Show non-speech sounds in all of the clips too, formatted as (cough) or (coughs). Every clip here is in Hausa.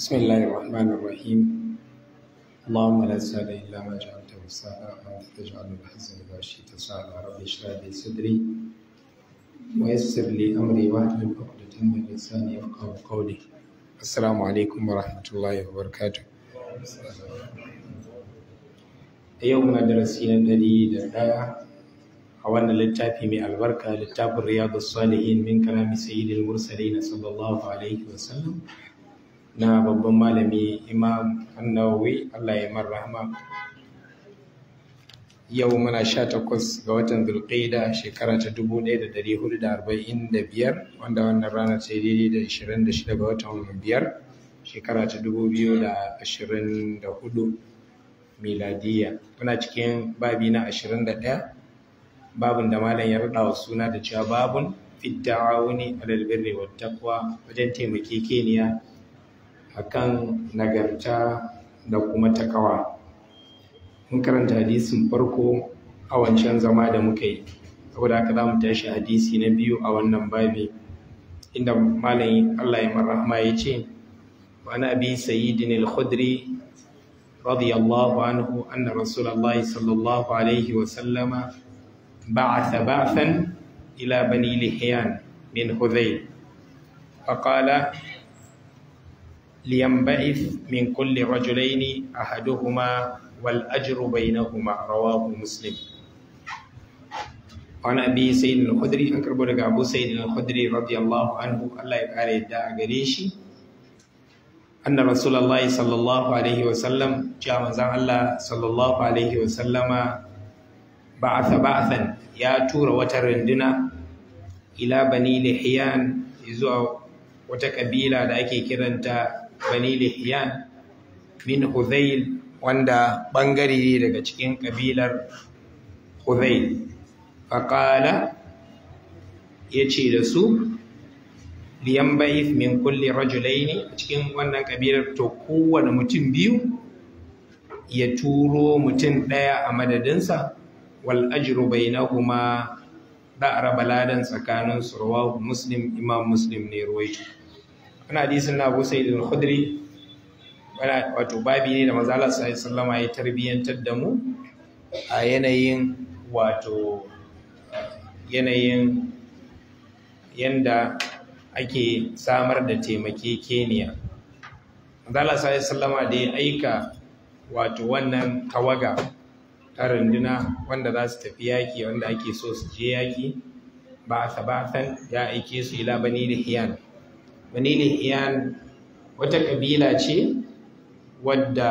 بسم الله الرحمن الرحيم اللهم لا سهل إلا ما جعلته سهلا وأنت تجعل الحزن إذا شئت سهلا ربي اشرح لي صدري ويسر لي أمري واحلل عقدة من لساني يفقه قولي السلام عليكم ورحمة الله وبركاته يوم درسينا الذي درها a wannan littafi البركة للتاب الرياض الصالحين من كلام سيد المرسلين صلى الله عليه وسلم na babban malami imam annawi allah ya mar rahama yau muna sha takwas ga watan zulqaida shekara ta dubu ɗaya da ɗari hudu da arba'in da biyar wanda wannan rana ce daidai da ashirin da shida ga watan biyar shekara ta dubu biyu da ashirin da hudu miladiya muna cikin babi na ashirin da ɗaya babin da malam ya raɗa wa suna da cewa babun fidda'awuni alal birri wa takwa, wajen taimakekeniya akan nagarta da kuma takawa mun karanta hadisin farko a wancan zama da muka yi saboda haka za mu tashi hadisi na biyu a wannan babi inda malam Allah ya marhama ya ce wa na abi sayyidin al-khudri radiyallahu anhu anna rasulullahi sallallahu alaihi wa sallama ba'atha ba'than ila bani lihiyan min hudayl فقال liyanba'ith min kulli rajulaini ahaduhuma wal ajru bainahuma rawahu muslim wani abi sayyid al-khudri an karbo daga abu sai sayyid al-khudri radiyallahu anhu Allah ya kare yadda a gare shi An anna rasulallah sallallahu alaihi wa sallam ja manzan Allah sallallahu alaihi wa sallama ba'atha ba'athan ya tura wata runduna ila bani lihiyan zuwa wata kabila da ake kiranta bani kiyan min hudhail wanda bangare ne daga cikin kabilar faƙala ya yace da su liyan ba'if min kulli rajulai a cikin wannan kabilar to kowane mutum biyu ya turo mutum ɗaya a madadinsa wal ajru bainahuma da arabaladan tsakanin surwahu muslim imam muslim ne ruwaito wani hadisin na Abu sai al hudri wato babi ne da mazala Allah sallallahu ya tarbiyyantar da mu a yanayin wato yanayin yanda ake samar da taimake keniya mazala sallallahu alaihi sallama da ya aika wato wannan tawaga ta runduna wanda za su tafi yaki wanda ake so su je yaki ba a san ya aike su ila bani da hiyana bani iyan wata kabila ce wadda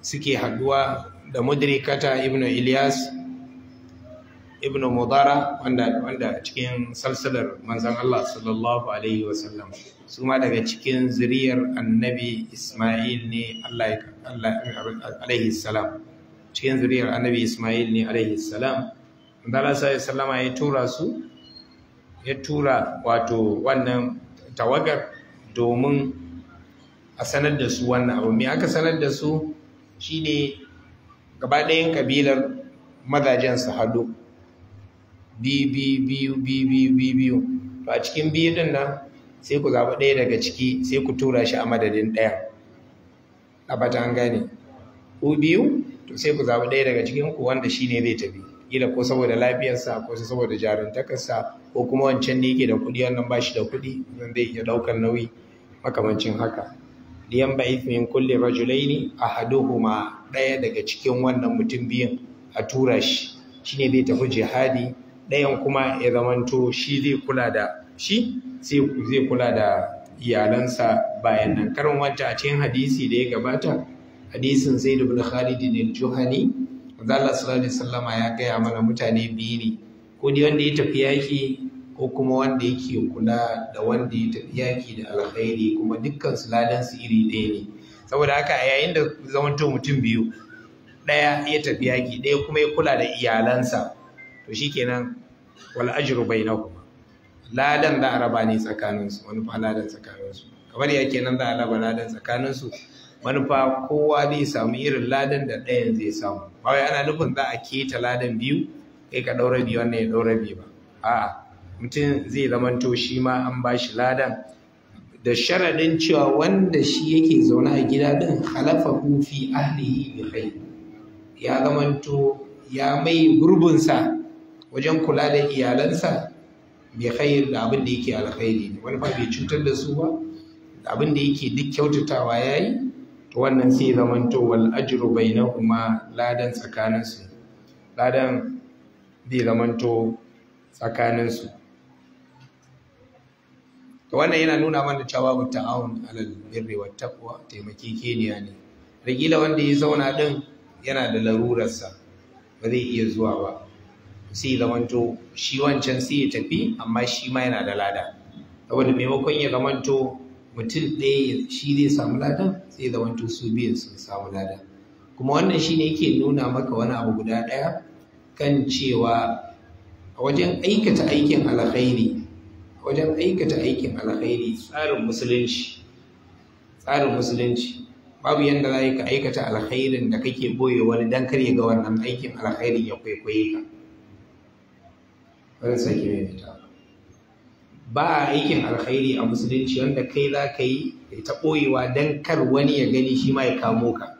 suke haduwa da mudrikata ibnu ilyas ibnu mudara wanda wanda cikin salsalar manzon Allah sallallahu alaihi wasallam su ma daga cikin zuriyar annabi Isma'il ne Allah alaihi salam cikin zuriyar annabi Isma'il ne alaihi salam Allah sallallahu alaihi wasallama ya tura su ya tura wato wannan tawagar domin a sanar da su wannan abu me aka sanar da su shine gaba ɗayan kabilar mazajen su haɗu biyu biyu biyu biyu to a cikin biyu din nan sai ku zaɓi ɗaya daga ciki sai ku tura shi a madadin ɗaya a bata an gane ku biyu to sai ku zaɓi ɗaya daga cikin ku wanda ne zai tafi kila ko saboda lafiyarsa ko saboda jarumtakarsa ko kuma wancan ne yake da kuɗi wannan ba shi da kuɗi zan zai iya ɗaukar nauyi makamancin haka liyan ba min kulle rajulaini ahaduhuma ɗaya daga cikin wannan mutum biyun a tura shi shine zai tafi jihadi ɗayan kuma ya zamanto shi zai kula da shi sai zai kula da iyalansa bayan nan karin wata a cikin hadisi da ya gabata hadisin zaid ibn khalid ibn da manzo sallallahu alaihi wasallama ya gaya mana mutane biyu ne ko dai wanda ya tafi yaki ko kuma wanda yake kula da wanda ya tafi yaki da alkhairi kuma dukkan su ladan su iri ɗaya ne saboda haka a yayin da zamanto mutum biyu ɗaya ya tafi yaki ɗaya kuma ya kula da iyalansa to shikenan wal ajru bainahum ladan da araba ne tsakaninsu wani ladan tsakaninsu kamar ya kenan za a raba ladan tsakaninsu manufa kowa zai samu irin ladan da ɗayan zai samu ba wai ana nufin za a keta ladan biyu kai ka ɗaura biyu wannan ya ɗaura biyu ba a'a mutum zai zamanto shi ma an ba shi ladan da sharadin cewa wanda shi yake zaune a gida din halafa fi ahlihi bi khair ya zamanto ya mai gurbinsa wajen kula da iyalansa bi khair da abin da yake alkhairi wani ba bai cutar da su ba abin da yake duk kyautatawa yayi to wannan sai zamanto wal ajru bainahuma ladan tsakaninsu ladan zai zamanto tsakaninsu to wannan yana nuna mana cewa babu ta'awun alal birri wa taqwa taimakekeniya ne rigila wanda ya zauna din yana da larurarsa ba zai iya zuwa ba sai zamanto shi wancan sai ya tafi amma shi ma yana da lada saboda maimakon ya zamanto mutum ɗaya shi zai samu lada sai zamanto su biyan sun samu lada. kuma wannan shi ne yake nuna maka wani abu guda ɗaya kan cewa a wajen aikata aikin alkhairi wajen aikata aikin alkhairi tsarin musulunci tsarin musulunci babu yadda za ka aikata alkhairin da kake boye wani dan kar ya ga wannan aikin alkhairin ya kwaikwaye ka wani sake mai fita ba a aikin alkhairi a musulunci wanda kai za ka yi ta boyewa dan kar wani ya gani shi ma ya kamo ka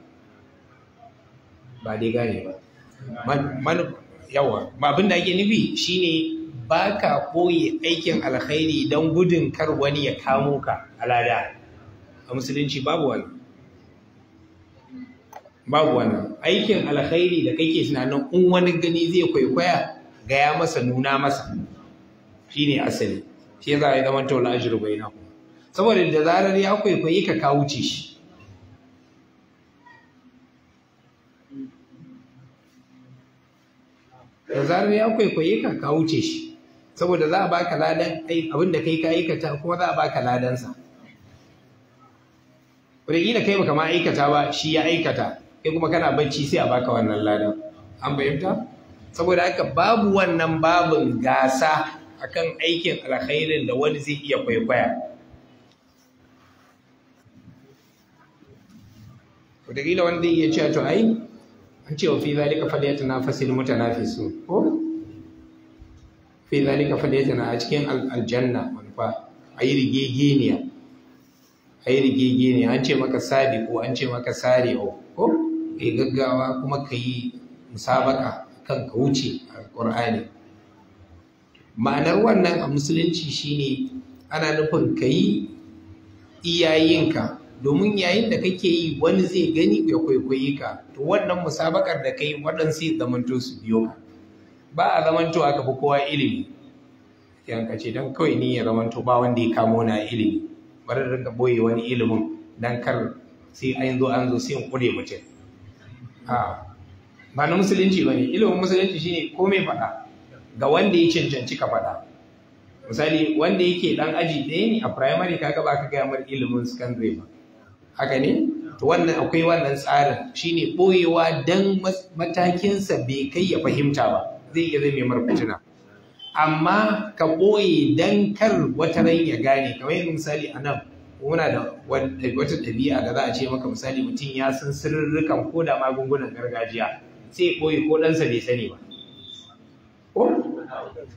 ba dai gane ba yawa abin da ake nufi shine ba ka ɓoye aikin alkhairi don gudun kar wani ya kamo ka alada a musulunci babu wannan babu wannan aikin alkhairi da kake tunanin in wani gani zai kwaikwaya gaya masa nuna masa shine asali shi yasa ya zama taula ajru bainahu saboda da zarar ya kwaikwayi ka kawo ce shi da zarar ya kwaikwaye ka kawo ce shi saboda za a baka ladan abin da kai ka aikata kuma za a baka ladansa da kai maka ma aikata ba shi ya aikata kai kuma kana bacci sai a baka wannan ladan an fahimta saboda haka babu wannan babin gasa akan aikin alkhairin da wani zai iya kwaikwaya wani wanda iya cewa to ai an ce wa fi zalika fi mutanafisun ko fi zalika na a cikin aljanna manufa ayi rigegeniya ayi rigegeniya an ce maka sabi ko an ce maka sare ko kai gaggawa kuma kayi musabaka kan ka wuce alqur'ani ma'anar wannan a musulunci shine ana nufin kayi iyayenka domin yayin da kake yi wani zai gani ya kwaikwayi ka to wannan musabakar da yi waɗansu zamanto su biyo ka ba a zamanto aka fi kowa ilimi yan kace don kawai ni ya zamanto ba wanda ya kamo na ilimi bari da rinka boye wani ilimin dan kar sai an zo an zo sai in kure mutum a ba na musulunci ba ne ilimin musulunci shine komai faɗa ga wanda ya cancanci ka faɗa misali wanda yake dan aji ɗaya ne a primary kaga ba ka gaya mar ilimin secondary ba haka ne to wannan akwai wannan tsarin shine boyewa dan matakinsa bai kai ya fahimta ba zai iya zai mai fitina amma ka ɓoye dan kar wata ran ya gane kamar yanzu misali a nan muna da wata ɗabi'a da za a ce maka misali mutum ya san sirrurrukan ko da magungunan gargajiya sai ya ɓoye ko ɗansa bai sani ba ko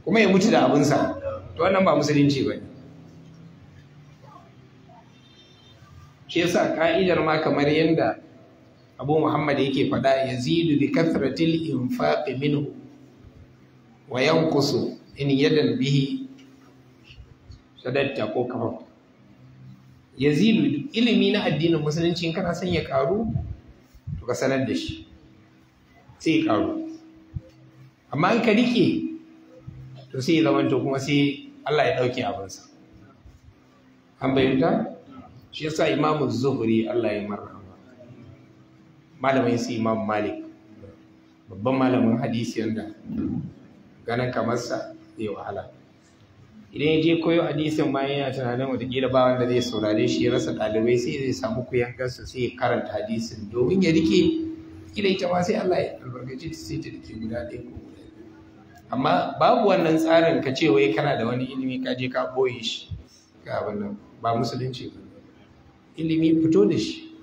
kuma ya mutu da abinsa to wannan ba musulunci ba ne shi yasa ka'idar ma kamar yadda abu muhammad yake faɗa yazidu bi kathratil infaqi minhu wa yankusu in yadda na bihi sadatta ko kafa yazilu ilimi na addinin musulunci in kana son ya karu to ka sanar da shi sai karu amma in ka rike to sai zamanto kuma sai Allah ya dauke abinsa an bayyanta shi yasa imamu zuhuri Allah ya marhama Malamai su imam malik babban malamin hadisi yanda ganin kamar sa zai wahala idan ya je koyo hadisin ma yana tunanin wataƙila ba wanda zai saurare shi ya rasa ɗalibai sai zai samu kuyangarsa sai ya karanta hadisin domin ya rike kila ita ma sai Allah ya albarkace ta sai ta rike guda ɗaya ko guda amma babu wannan tsarin ka ce wai kana da wani ilimi ka je ka boye shi ga abin nan ba musulunci ba ilimi fito da shi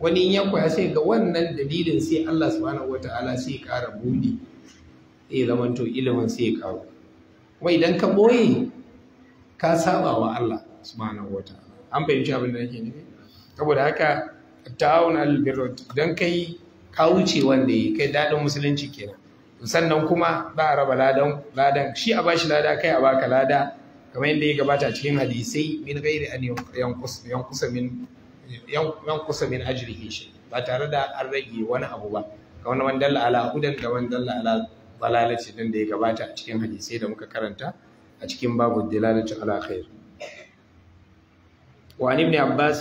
wani in ya koya sai ga wannan dalilin sai Allah subhanahu wataala sai ya kara buɗe zai zamanto ilimin sai ya kawo kuma idan ka ɓoye ka saba wa Allah subhanahu wa ta'ala an fahimci abin da nake nufi saboda haka ta'awun albirrot idan kai ka wuce wanda yi kai daɗin musulunci kenan sannan kuma za a raba ladan shi a bashi lada kai a baka lada kamar yadda ya gabata cikin hadisai min gairi an yankusa min min shi ba tare da an rage wani abu ba wani man dalla ala hudan da man dalla ala dalalaci din da ya gabata a cikin hadisai da muka karanta a cikin babu dalalatu ala khair wa ibn abbas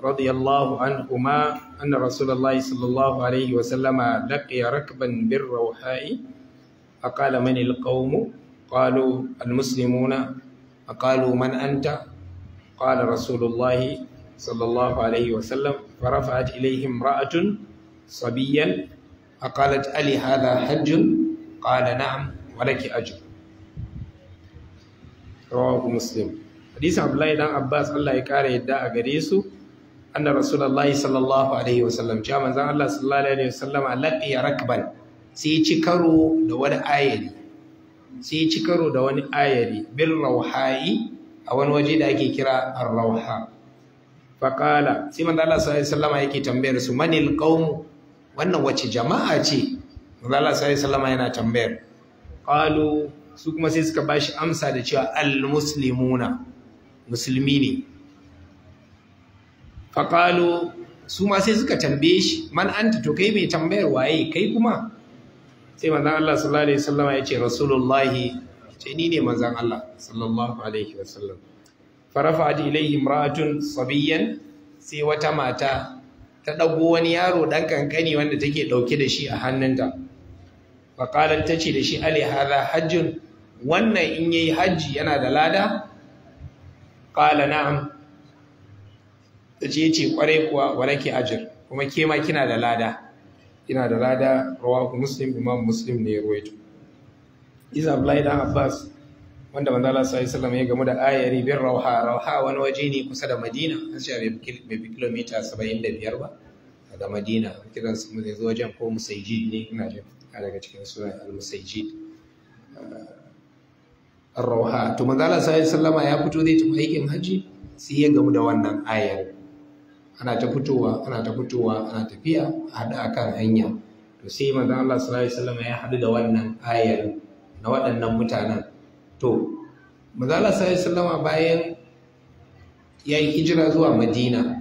radiyallahu anhu ma anna rasulullah sallallahu alaihi wa sallama laqiya rakban bir rawha'i aqala man al qawm qalu al muslimuna aqalu man anta qala rasulullah sallallahu alaihi wa sallam farafa'at ilayhim ra'atun صبيا أقالت ألي هذا حج qala na'am wa laki ajr rawahu muslim hadisin abdullahi dan abbas Allah ya kara yadda a gare su anna rasulullahi sallallahu alaihi wasallam cewa manzon Allah sallallahu alaihi wasallam laqiya rakban sai ci da wani ayari sai ci da wani ayari bil rauha'i a wani waje da ake kira ar-rauha fa qala sai manzon Allah sallallahu alaihi wasallam yake tambayar su manil qaum wannan wace jama'a ce Allah sai sallama yana tambayar qalu su kuma sai suka bashi amsa da cewa al-muslimuna musulmi ne qalu su ma sai suka tambaye shi man anta to kai mai tambayar waye kai kuma sai manzon Allah sallallahu alaihi wasallam ya ce rasulullahi ce ni ne manzon Allah sallallahu alaihi wasallam farafa da ilaihi imra'atun sabiyyan sai wata mata ta ɗago wani yaro ɗan kankani wanda take ɗauke da shi a hannunta faƙalar ta ce da shi ali haza hajjun wannan in yi hajji yana da lada ƙala na'am ta ce ce ƙwarai kuwa ke ajir kuma ke ma kina da lada kina da lada ku, muslim imam muslim ne ya ruwaito isa abdullahi dan abbas wanda manzo Allah sallallahu alaihi wasallam ya gamu da ayari bin rauha rauha wani waje ne kusa da madina an ce bai bi kilomita 75 ba daga madina kiran su mu zai zo wajen ko musaijid ne ina jin a daga cikin sunan al-musajjid ar-rawha to manzo Allah sallallahu alaihi ya fito zai tafi aikin haji sai ya gamu da wannan ayar ana ta fitowa ana ta fitowa ana tafiya hada akan hanya to sai manzo Allah sallallahu alaihi wasallama ya hadu da wannan ayar na waɗannan mutanen to manzo Allah sallallahu alaihi wasallama bayan ya yi hijira zuwa Madina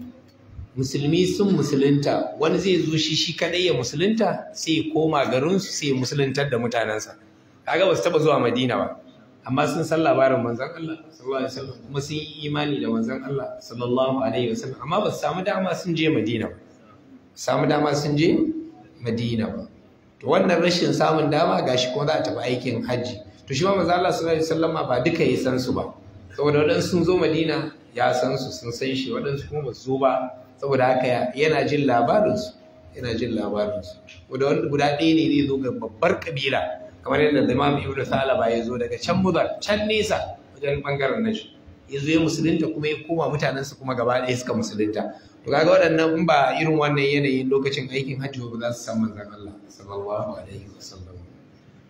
musulmi sun musulunta wani zai zo shi shi kadai ya musulunta sai ya koma garinsu sai ya musuluntar da mutanensa kaga ba su taba zuwa madina ba amma sun san labarin manzon Allah sallallahu alaihi wasallam kuma sun yi imani da manzon Allah sallallahu alaihi wasallam amma ba su samu dama sun je madina ba samu dama sun je madina ba to wannan rashin samun dama gashi ko za a tafi aikin hajji to shi ma manzon Allah sallallahu alaihi wasallam ba duka ya san su ba saboda waɗansu sun zo madina ya san su sun san shi waɗansu kuma ba su zo ba saboda haka yana jin labarinsu yana jin labarinsu guda ɗaya ne zai zo ga babbar kabila kamar yadda zama biyu da salaba ya zo daga can mudar can nesa wajen bangaren nashi ya zo ya musulunta kuma ya koma mutanensa kuma gaba ɗaya suka musulunta to kaga waɗannan in ba irin wannan yanayin lokacin aikin hajji ba za su san manzon Allah sallallahu alaihi wasallam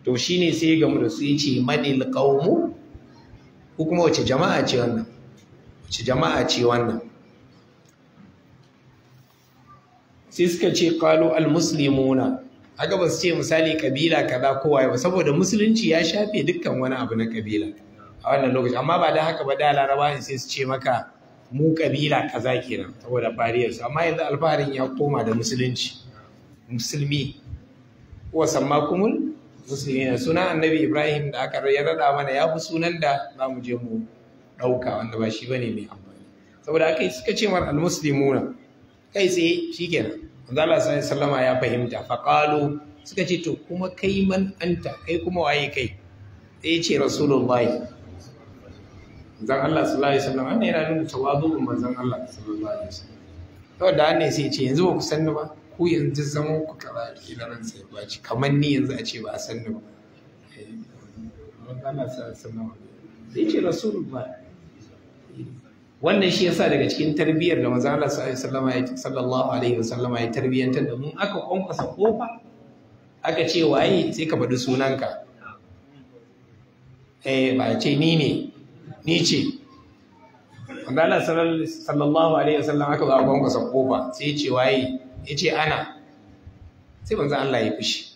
to shine sai gamu da su yace madil qaumu ko kuma wace jama'a ce wannan wace jama'a ce wannan sai suka ce kwalo al muslimuna haka ba su ce misali kabila kaza kowa ba saboda musulunci ya shafe dukkan wani abu na kabila a wannan lokaci amma ba da haka ba da laraba ne sai su ce maka mu kabila kaza kenan saboda bariyar su amma yanzu alfaharin ya koma da musulunci musulmi wa sammakumul musulmi Suna annabi ibrahim da aka ya rada mana ya fi sunan da za mu je mu ɗauka wanda ba shi ba ne mai amfani saboda aka yi suka ce mar almuslimuna kai tsaye kenan Allah sai sallama ya fahimta faqalu suka ce to kuma kai man anta kai kuma waye kai sai ce rasulullahi manzon Allah sallallahu alaihi wasallam annabi yana nuna tawazu'un manzan Allah sallallahu alaihi wasallam to da ne sai ce yanzu ba ku sanni ba ku yanzu zama ku kaza kila ran sai ba ci kamar ni yanzu a ce ba a sanni ba eh, Allah sallallahu alaihi wasallam sai ce rasulullahi wannan shi yasa daga cikin tarbiyyar da manzo Allah sallallahu alaihi wasallama ya tarbiyyantar da mun aka kwankwasa kofa aka ce waye sai ka faɗi sunanka eh ba ce ni ne ni ce manzo Allah sallallahu alaihi wasallama aka ba kwankwasa kofa sai ya ce waye ya ce ana sai manzo Allah ya fushi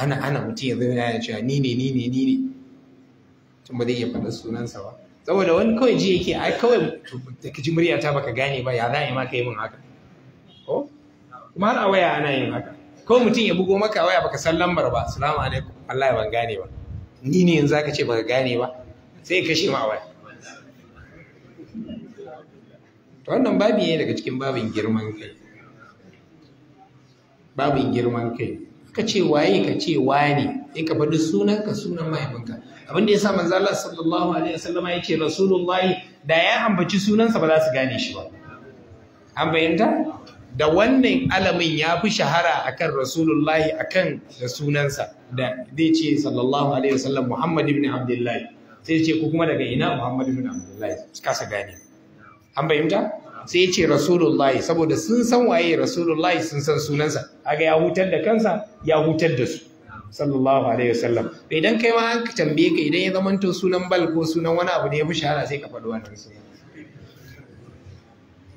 ana ana mutum ya zama ya ce ni ne ni ne ni ne tun ba zai iya faɗa sunansa ba saboda wani kawai ji yake ai kawai da ka ji murya ta baka gane ba ya za ma ka yi min haka ko kuma har a waya ana yin haka ko mutum ya bugo maka waya baka san lambar ba assalamu alaikum Allah ya ban gane ba ni ne yanzu zaka ce baka gane ba sai kashe ma waya to wannan babi ne daga cikin babin girman kai babin girman kai ka ce waye ka ce wane in ka faɗi sunan ka sunan mahaifinka abin da yasa manzo Allah sallallahu alaihi wasallam ya ce rasulullahi da ya ambaci sunansa ba za su gane shi ba an bayyana da wannan alamin ya fi shahara akan rasulullahi akan da sunansa da zai ce sallallahu alaihi wasallam Muhammad ibn Abdullahi sai ce ku kuma daga ina Muhammad ibn Abdullahi kasa gane an bayyana sai ce rasulullahi saboda sun san waye rasulullahi sun san sunansa kaga ya hutar da kansa ya hutar da su sallallahu alaihi wasallam to idan kai ma an tambaye ka idan ya zamanto sunan bal ko sunan wani abu ne ya fi shahara sai ka faɗi wannan sunan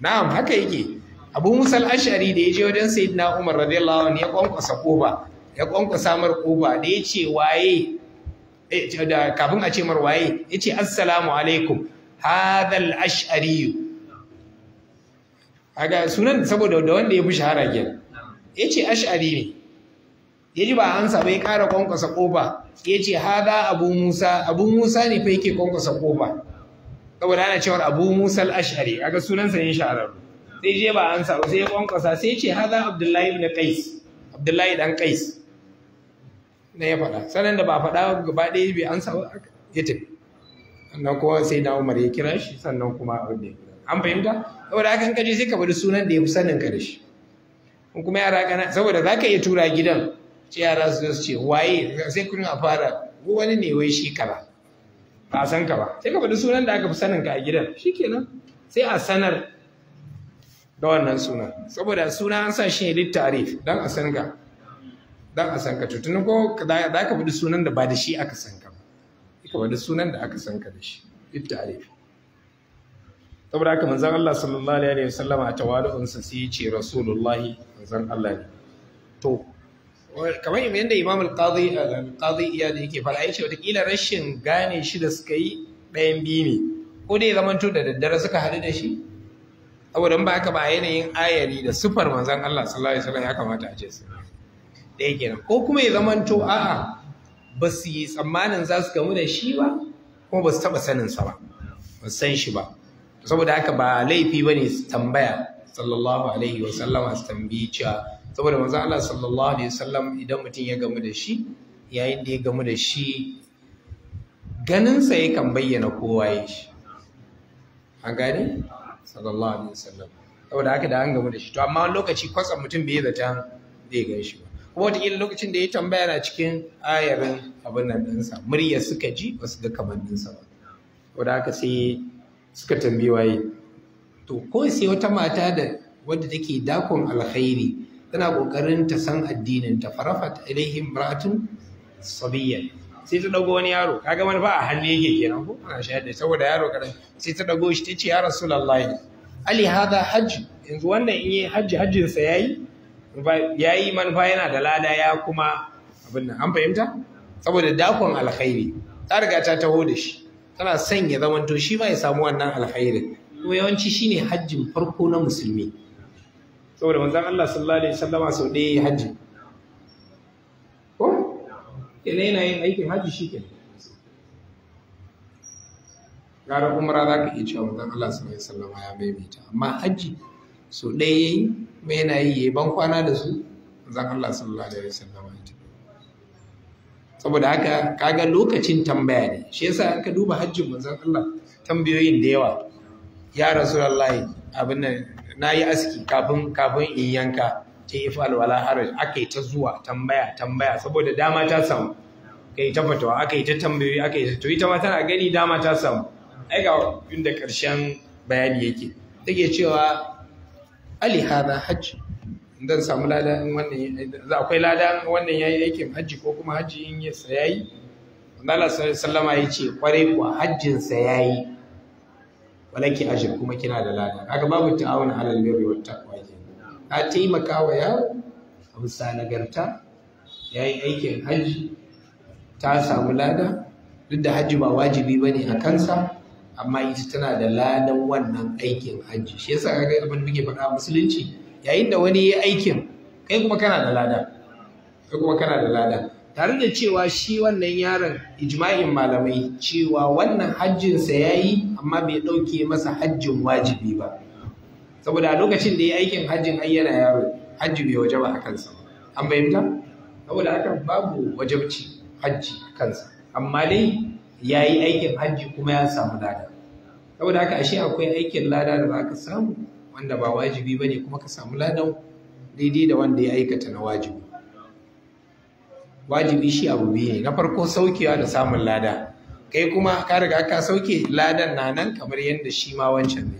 na'am haka yake abu musal ashari da ya je wajen sayyidina umar radiyallahu anhu ya kwankwasa koba ya kwankwasa mar koba da ya ce waye eh, kafin a ce mar waye ya ce assalamu alaikum hadha al-ash'ari kaga sunan saboda da wanda ya fi shahara ya ce ash'ari ne Ya ji ba ansa bai kara kwankwasa kofa ce hada abu musa abu musa ne fa yake kwankwasa kofa saboda ana cewar abu musa al-ash'ari sunan sa yin shahararru sai je ba ansa ba sai ya kwankwasa sai ya ce hada abdullahi ibn qais abdullahi dan qais na ya faɗa sanan da ba faɗa gaba ɗaya bai ansa ba ya tafi sannan kuma sai na umar ya kira shi sannan kuma abin da ya kira an fahimta saboda haka in ka je sai ka bari sunan da ya fi sanin ka da shi in kuma yara kana saboda za ka iya tura gidan ce yara su su ce waye sai kun a fara ko wani ne wai shi kaza ba a san ka ba sai ka bari sunan da aka fi sanin ka a gidan shi kenan. sai a sanar da wannan sunan saboda suna an sa shi ne littarif dan a san ka dan a san ka to tun ko za ka bari sunan da ba da shi aka san ka ba ka bari sunan da aka san ka da shi littarif saboda haka manzon Allah sallallahu alaihi wa sallama a tawalu'un sa sai ce rasulullahi manzon Allah ne to kamar yadda imam al-qadi al-qadi iya da yake fara yace kila rashin gane shi da suka yi ɗayan biyu ne ko dai to da daddare suka hadu da shi saboda ba haka ba yanayin ayari da sufar manzon Allah sallallahu alaihi wasallam ya kamata a ce su ɗaya kenan ko kuma ya zamanto a'a ba su yi tsammanin za su gamu da shi ba kuma ba su taɓa saninsa ba ba san shi ba saboda haka ba laifi ba ne tambaya sallallahu alaihi wa sallam, su tambayi cewa saboda manzo Allah sallallahu alaihi wa sallam idan mutum ya gamu da shi yayin da ya gamu da shi ganinsa yakan bayyana kowa ya shi a gani sallallahu alaihi wa sallam. saboda haka da an gamu da shi to amma lokaci kwatsam mutum bai zata zai gan shi ba kuma wataƙila lokacin da ya tambaya na cikin ayarin abin nan ɗinsa murya suka ji ba su ga kamanninsa ba saboda haka sai suka tambayi waye to ko sai wata mata da wadda take dakon alkhairi tana kokarin ta san addinin ta farafat ilaihim ra'atun sabiyya sai ta dago wani yaro kaga wani ba a hannu yake kenan ko ana shahada saboda yaro kadan sai ta dago shi tace ya rasulullahi ali haza, hajj yanzu wannan in yi hajji hajjin sa yayi yayi manfa yana da lada ya kuma abin nan an fahimta saboda dakon alkhairi ta riga ta taho da shi kana son ya to shi ma ya samu wannan alkhairin kuma yawanci shine hajjin farko na musulmi saboda manzon Allah sallallahu alaihi wasallama sau ɗaya ya hajji ko kenan yana yin aikin hajji shi ke gara umra za ka iya cewa manzon Allah sallallahu alaihi wasallama ya maimaita amma hajji sau ɗaya yayi kuma yana yi ban kwana da su manzon Allah sallallahu alaihi wasallama saboda haka kaga lokacin tambaya ne shi yasa an ka duba hajjin manzon Allah tambayoyin da yawa ya rasulullahi abin nan nayi aski kafin kafin in yanka ta yi ifal wala haraj akai ta zuwa tambaya tambaya saboda dama ta samu kai ta fatawa akai ta tambayoyi akai ta to ita ma tana gani dama ta samu ai ga inda karshen bayani yake take cewa ali hada hajji zan samu lada in wannan akwai lada wannan yayi aikin hajji ko kuma hajji in ya sayayi Allah sallallahu alaihi ya ce kwarai kuwa hajjin sa yayi walaki ajr kuma kina da lada kaga babu ta'awun alal birri wat taqwa ji ka taimaka wa yaro abu sanagarta nagarta yayi aikin hajji ta samu lada duk da hajji ba wajibi bane a kansa amma ita tana da ladan wannan aikin hajji shi yasa kaga abin da muke faɗa musulunci yayin da wani ya aikin kai kuma kana da lada kai kuma kana da lada tare da cewa shi wannan yaron ijma'in malamai cewa wannan hajjinsa ya yi amma bai dauke masa hajjin wajibi ba saboda a lokacin da ya aikin hajjin ai yana yaro hajji bai wajaba a kansa an fahimta saboda haka babu wajabci hajji a kansa amma dai yayi aikin hajji kuma ya samu lada saboda haka ashe akwai aikin lada da ba ka samu wanda ba wajibi ba ne kuma ka samu ladan daidai da wanda ya aikata na wajibi wajibi shi abu biyu ne na farko saukewa da samun lada kai kuma ka riga ka sauke ladan na nan kamar yadda shi ma wancan ne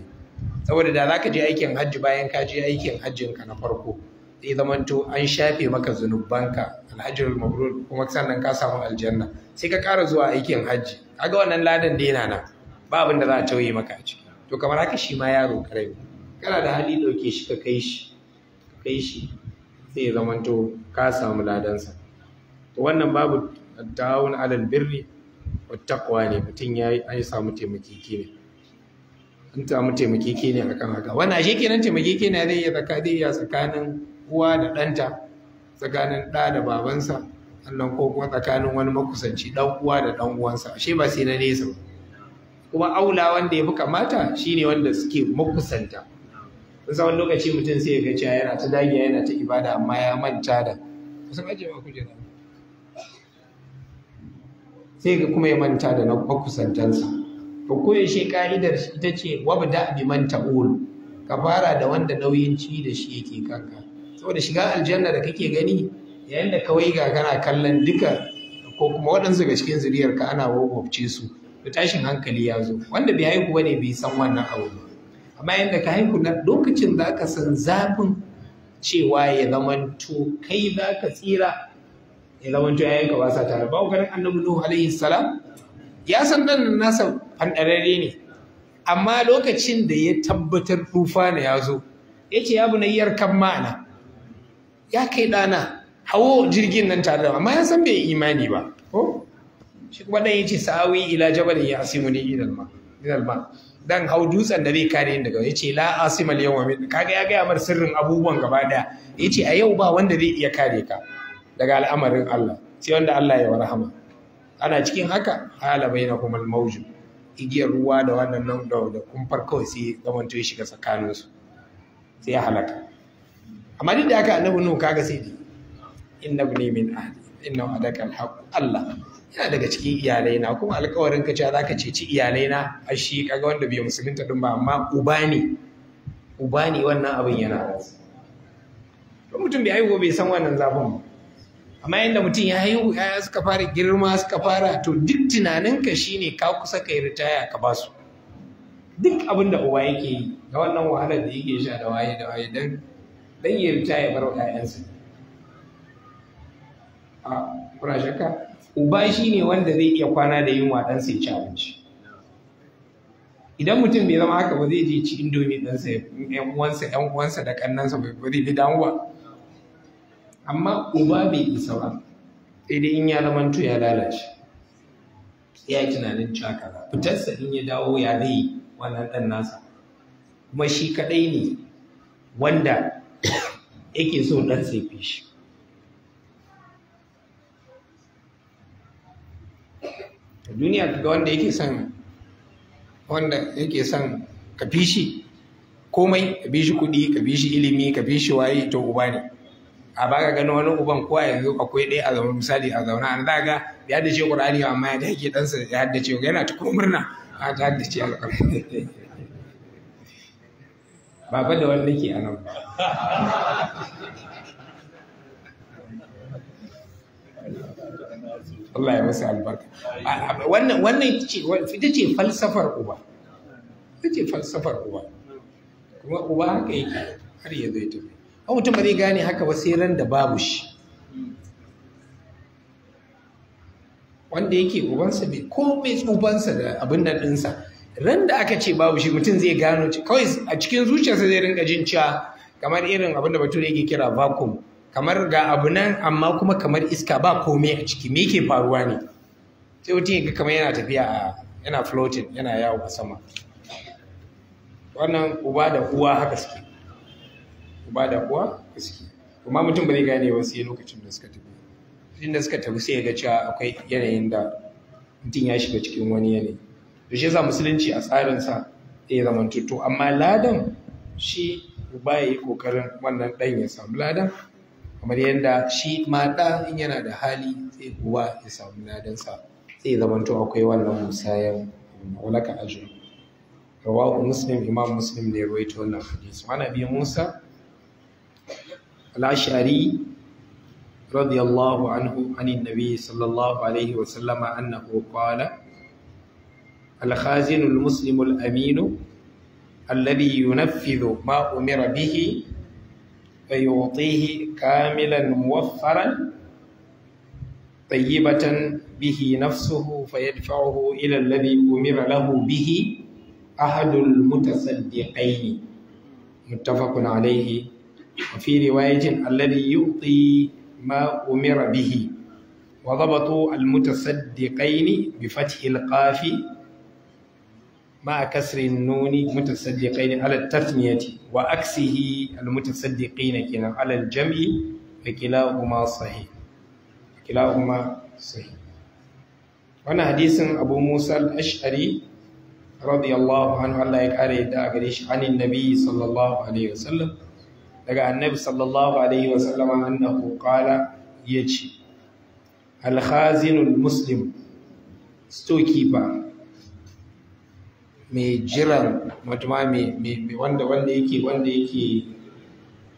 saboda da za ka je aikin hajji bayan ka je aikin hajjin ka na farko zai zamanto an shafe maka zunubanka alhajjul mabrur kuma sannan ka samu aljanna sai ka ƙara zuwa aikin hajji kaga wannan ladan dai na nan ba abin da za a tauye maka a ciki to kamar haka shi ma yaro karami kana da hali ɗauke shi ka kai shi kai shi zama zamanto ka samu ladansa to wannan babu tawun alal birri wa taqwa ne mutum ya an samu taimakeke ne an samu taimakeke ne akan haka wannan shi kenan taimakeke ne zai iya zaka zai iya tsakanin uwa da ɗanta tsakanin ɗa da babansa sannan ko kuma tsakanin wani makusanci ɗan uwa da ɗan uwansa ashe ba sai na nesa ba kuma aula wanda ya fi kamata shine wanda suke makusanta kusa wani lokaci mutum sai ya ga cewa yana ta dagiya yana ta ibada amma ya manta da kusan kujera sai ga kuma ya manta da na kusantansa to shi ka'idar ita ce wabda bi man ta'ul ka fara da wanda nauyin ci da shi yake kanka saboda shiga aljanna da kake gani yayin da kawai ga kana kallon duka ko kuma waɗansu ga cikin zuriyarka ana wawwafce su da tashin hankali ya zo wanda bai haihu ne bai san wannan abu ba amma yadda ka haihu na lokacin za ka san zafin cewa ya zamanto kai za ka tsira ya zamanto to ka wasa tare ba ganin annabi nuhu alaihi salam ya san dan nasa fandarare ne amma lokacin da ya tabbatar tufana ya zo ya ce ya bunayyar kan ma'ana ya kai ɗana hawo jirgin nan tare da amma ya san bai imani ba ko shi kuma ɗan yace ce sa'awi ila jabalin ya ilal ma ilal ma dan hau dutsen da zai kare ni daga ya ce la asimal min kaga ya gaya mar sirrin abubuwan gaba daya ya ce a yau ba wanda zai iya kare ka daga al'amarin Allah sai wanda Allah ya warhama ana cikin haka hala na kuma mawju igiyar ruwa da wannan nan da kumfar kawai sai gamanto ya shiga tsakanin su sai ya halaka amma duk da haka annabi nuhu kaga sai inna ibni min ahli inna adaka al Allah yana daga cikin iyalai na kuma alkawarin ka cewa ka ceci iyalai na a shi kaga wanda bai musulunta din ba amma uba ne uba ne wannan abin yana mutum bai haihuwa bai san wannan zafin amma yadda mutum ya haihu yaya suka fara girma suka fara to duk tunanin tunaninka shine ka kusa kai ritaya ka basu duk abin da uba yake yi ga wannan wahalar da yake sha da waye da waye dan dan ya ritaya bar wa ƴaƴansa a kuna shakka uba shi ne wanda zai iya kwana da yunwa ɗansa sai ci abinci idan mutum bai zama haka ba zai je ci indomi ɗansa yan uwansa da ƙannansa ba zai bi damuwa amma uba bai isa ba sai dai in ya zamanto ya lalace ya yi tunanin cakara fitarsa in ya dawo ya zai wannan ɗan nasa kuma shi kaɗai ne wanda (coughs) yake so ɗansa ya fi shi duniya ga wanda yake son wanda yake son ka fi komai ka bi kuɗi ka bi ilimi ka bi waye to uba ne a baka ganin wani uban ko a yanzu akwai ɗaya a zama misali a zauna an za ga ya haddace qur'ani amma ya dake ɗansa ya haddace yana ta kuma murna a ah, ta haddace alƙur'ani ba da wani yake a nan ba Allah ya masa albarka wannan wannan ita ce falsafar uba ita ce falsafar uba kuma uba haka yake har ya zai tafi an mutum ba zai gane haka ba sai ran da babu shi wanda yake ubansa bai ko mai tsubansa da abin da ɗinsa ran da aka ce babu shi mutum zai gano kawai a cikin zuciyarsa zai rinka jin cewa kamar irin abin da bature yake kira vacuum kamar ga abu nan amma kuma kamar iska ba komai a ciki me ke faruwa ne sai mutum ga kamar yana tafiya a yana floating yana yawo a sama wannan uba da uwa haka suke uba da uwa haka suke kuma mutum ba gane wasu sai lokacin da suka tafi da suka tafi sai ga cewa akwai yanayin da mutum ya shiga cikin wani yanayi to shi yasa musulunci a tsarinsa ya zama to amma ladan shi uba ya yi kokarin wannan ɗan ya samu ladan kamar yadda shi mata in yana da hali sai kuwa ya samu ladansa sai zamanto akwai wannan musayan walaka ajiyar rawahu muslim imam muslim ne rawaito wannan hadisi wa nabi musa al-ash'ari radiyallahu anhu anin nabi sallallahu alaihi wa sallama annahu qala al-khazinu al al-aminu alladhi yunfidhu ma umira bihi فيعطيه كاملا موفرا طيبة به نفسه فيدفعه إلى الذي أمر له به أحد المتصدقين متفق عليه وفي رواية الذي يعطي ما أمر به وضبطوا المتصدقين بفتح القاف مع كسر النون متصدقين على التثنية وعكسه المتصدقين كنا على الجمع فكلاهما صحيح كلاهما صحيح وانا حديث أبو موسى الأشعري رضي الله عنه الله يكاري داقريش عن النبي صلى الله عليه وسلم لقى النبي صلى الله عليه وسلم أنه قال يجي الخازن المسلم ستوكيبر mai jiran matuma mai wanda wanda yake wanda yake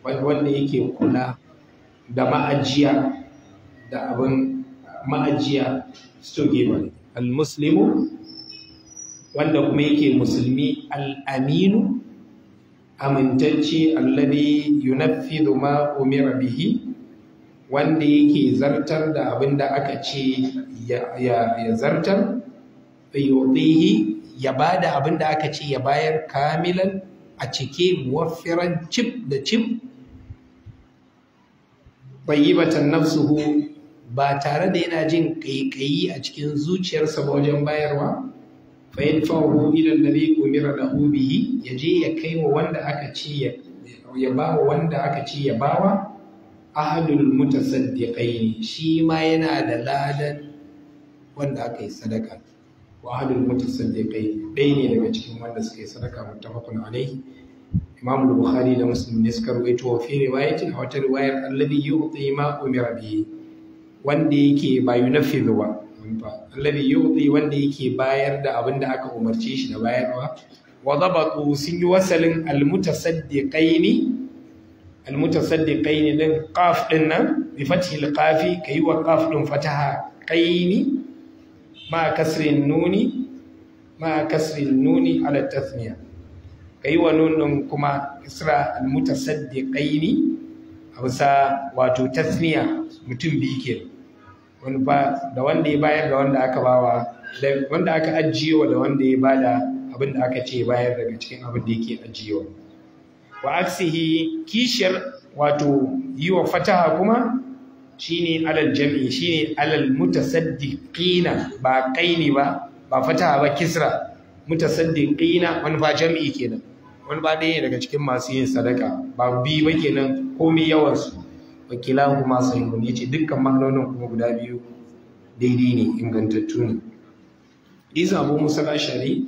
wanda yake kula da ma'ajiya da abin ma'ajiya stogeman al-muslimu wanda kuma yake musulmi al-aminu amintacce alladhi yunaffidhu ma umira bihi wanda yake zartar da abin da aka ce ya zartar fayudihi ya ba da abin da aka ce ya bayar kamilan a cike wafiran cif da cif bayyibatan nafsuhu ba tare da yana jin kaikayi a cikin zuciyarsa ba wajen bayarwa fa yanfa'uhu ila alladhi umira lahu ya yaje ya kai wa wanda aka ce ya ba wa wanda aka ce ya bawa ahadul mutasaddiqaini shi ma yana da ladan wanda aka yi sadaka wa ahlul mutasaddiqai ɗaya ne daga cikin wanda suka yi sadaka muttafaqun alaihi imam al da muslim ne suka ruwaito wa fi riwayatin a wata riwayar alladhi yu'ti ma umira bihi wanda yake ba yunaffidu ba alladhi yu'ti wanda yake bayar da abinda aka umarce shi da bayarwa wa dabatu sun yi wasalin al-mutasaddiqaini al-mutasaddiqaini din qaf wa qaf ɗin fataha kaini. ma kasirin nuni ma kasirin nuni ala tasniya kai wa nunun kuma isra al mutasaddiqaini a bisa wato tasniya mutum biyu ke. wani ba da wanda ya bayar da wanda aka bawa wanda aka ajiyewa da wanda ya bada abin da aka ce bayar daga cikin abin da yake ajiyewa wa aksihi kishiyar wato yi wa fataha kuma Shi ne alal jami'i ne alal mutasaddiqina ba ne ba ba fata ba kisra mutasaddiqina wani ba jami'i kenan wani ba ɗaya daga cikin masu yin sadaka ba bi ba kenan komai yawan su wakilan kuma sahihun yace dukkan maganonin kuma guda biyu daidai ne ingantattu ne isa abu musa ashari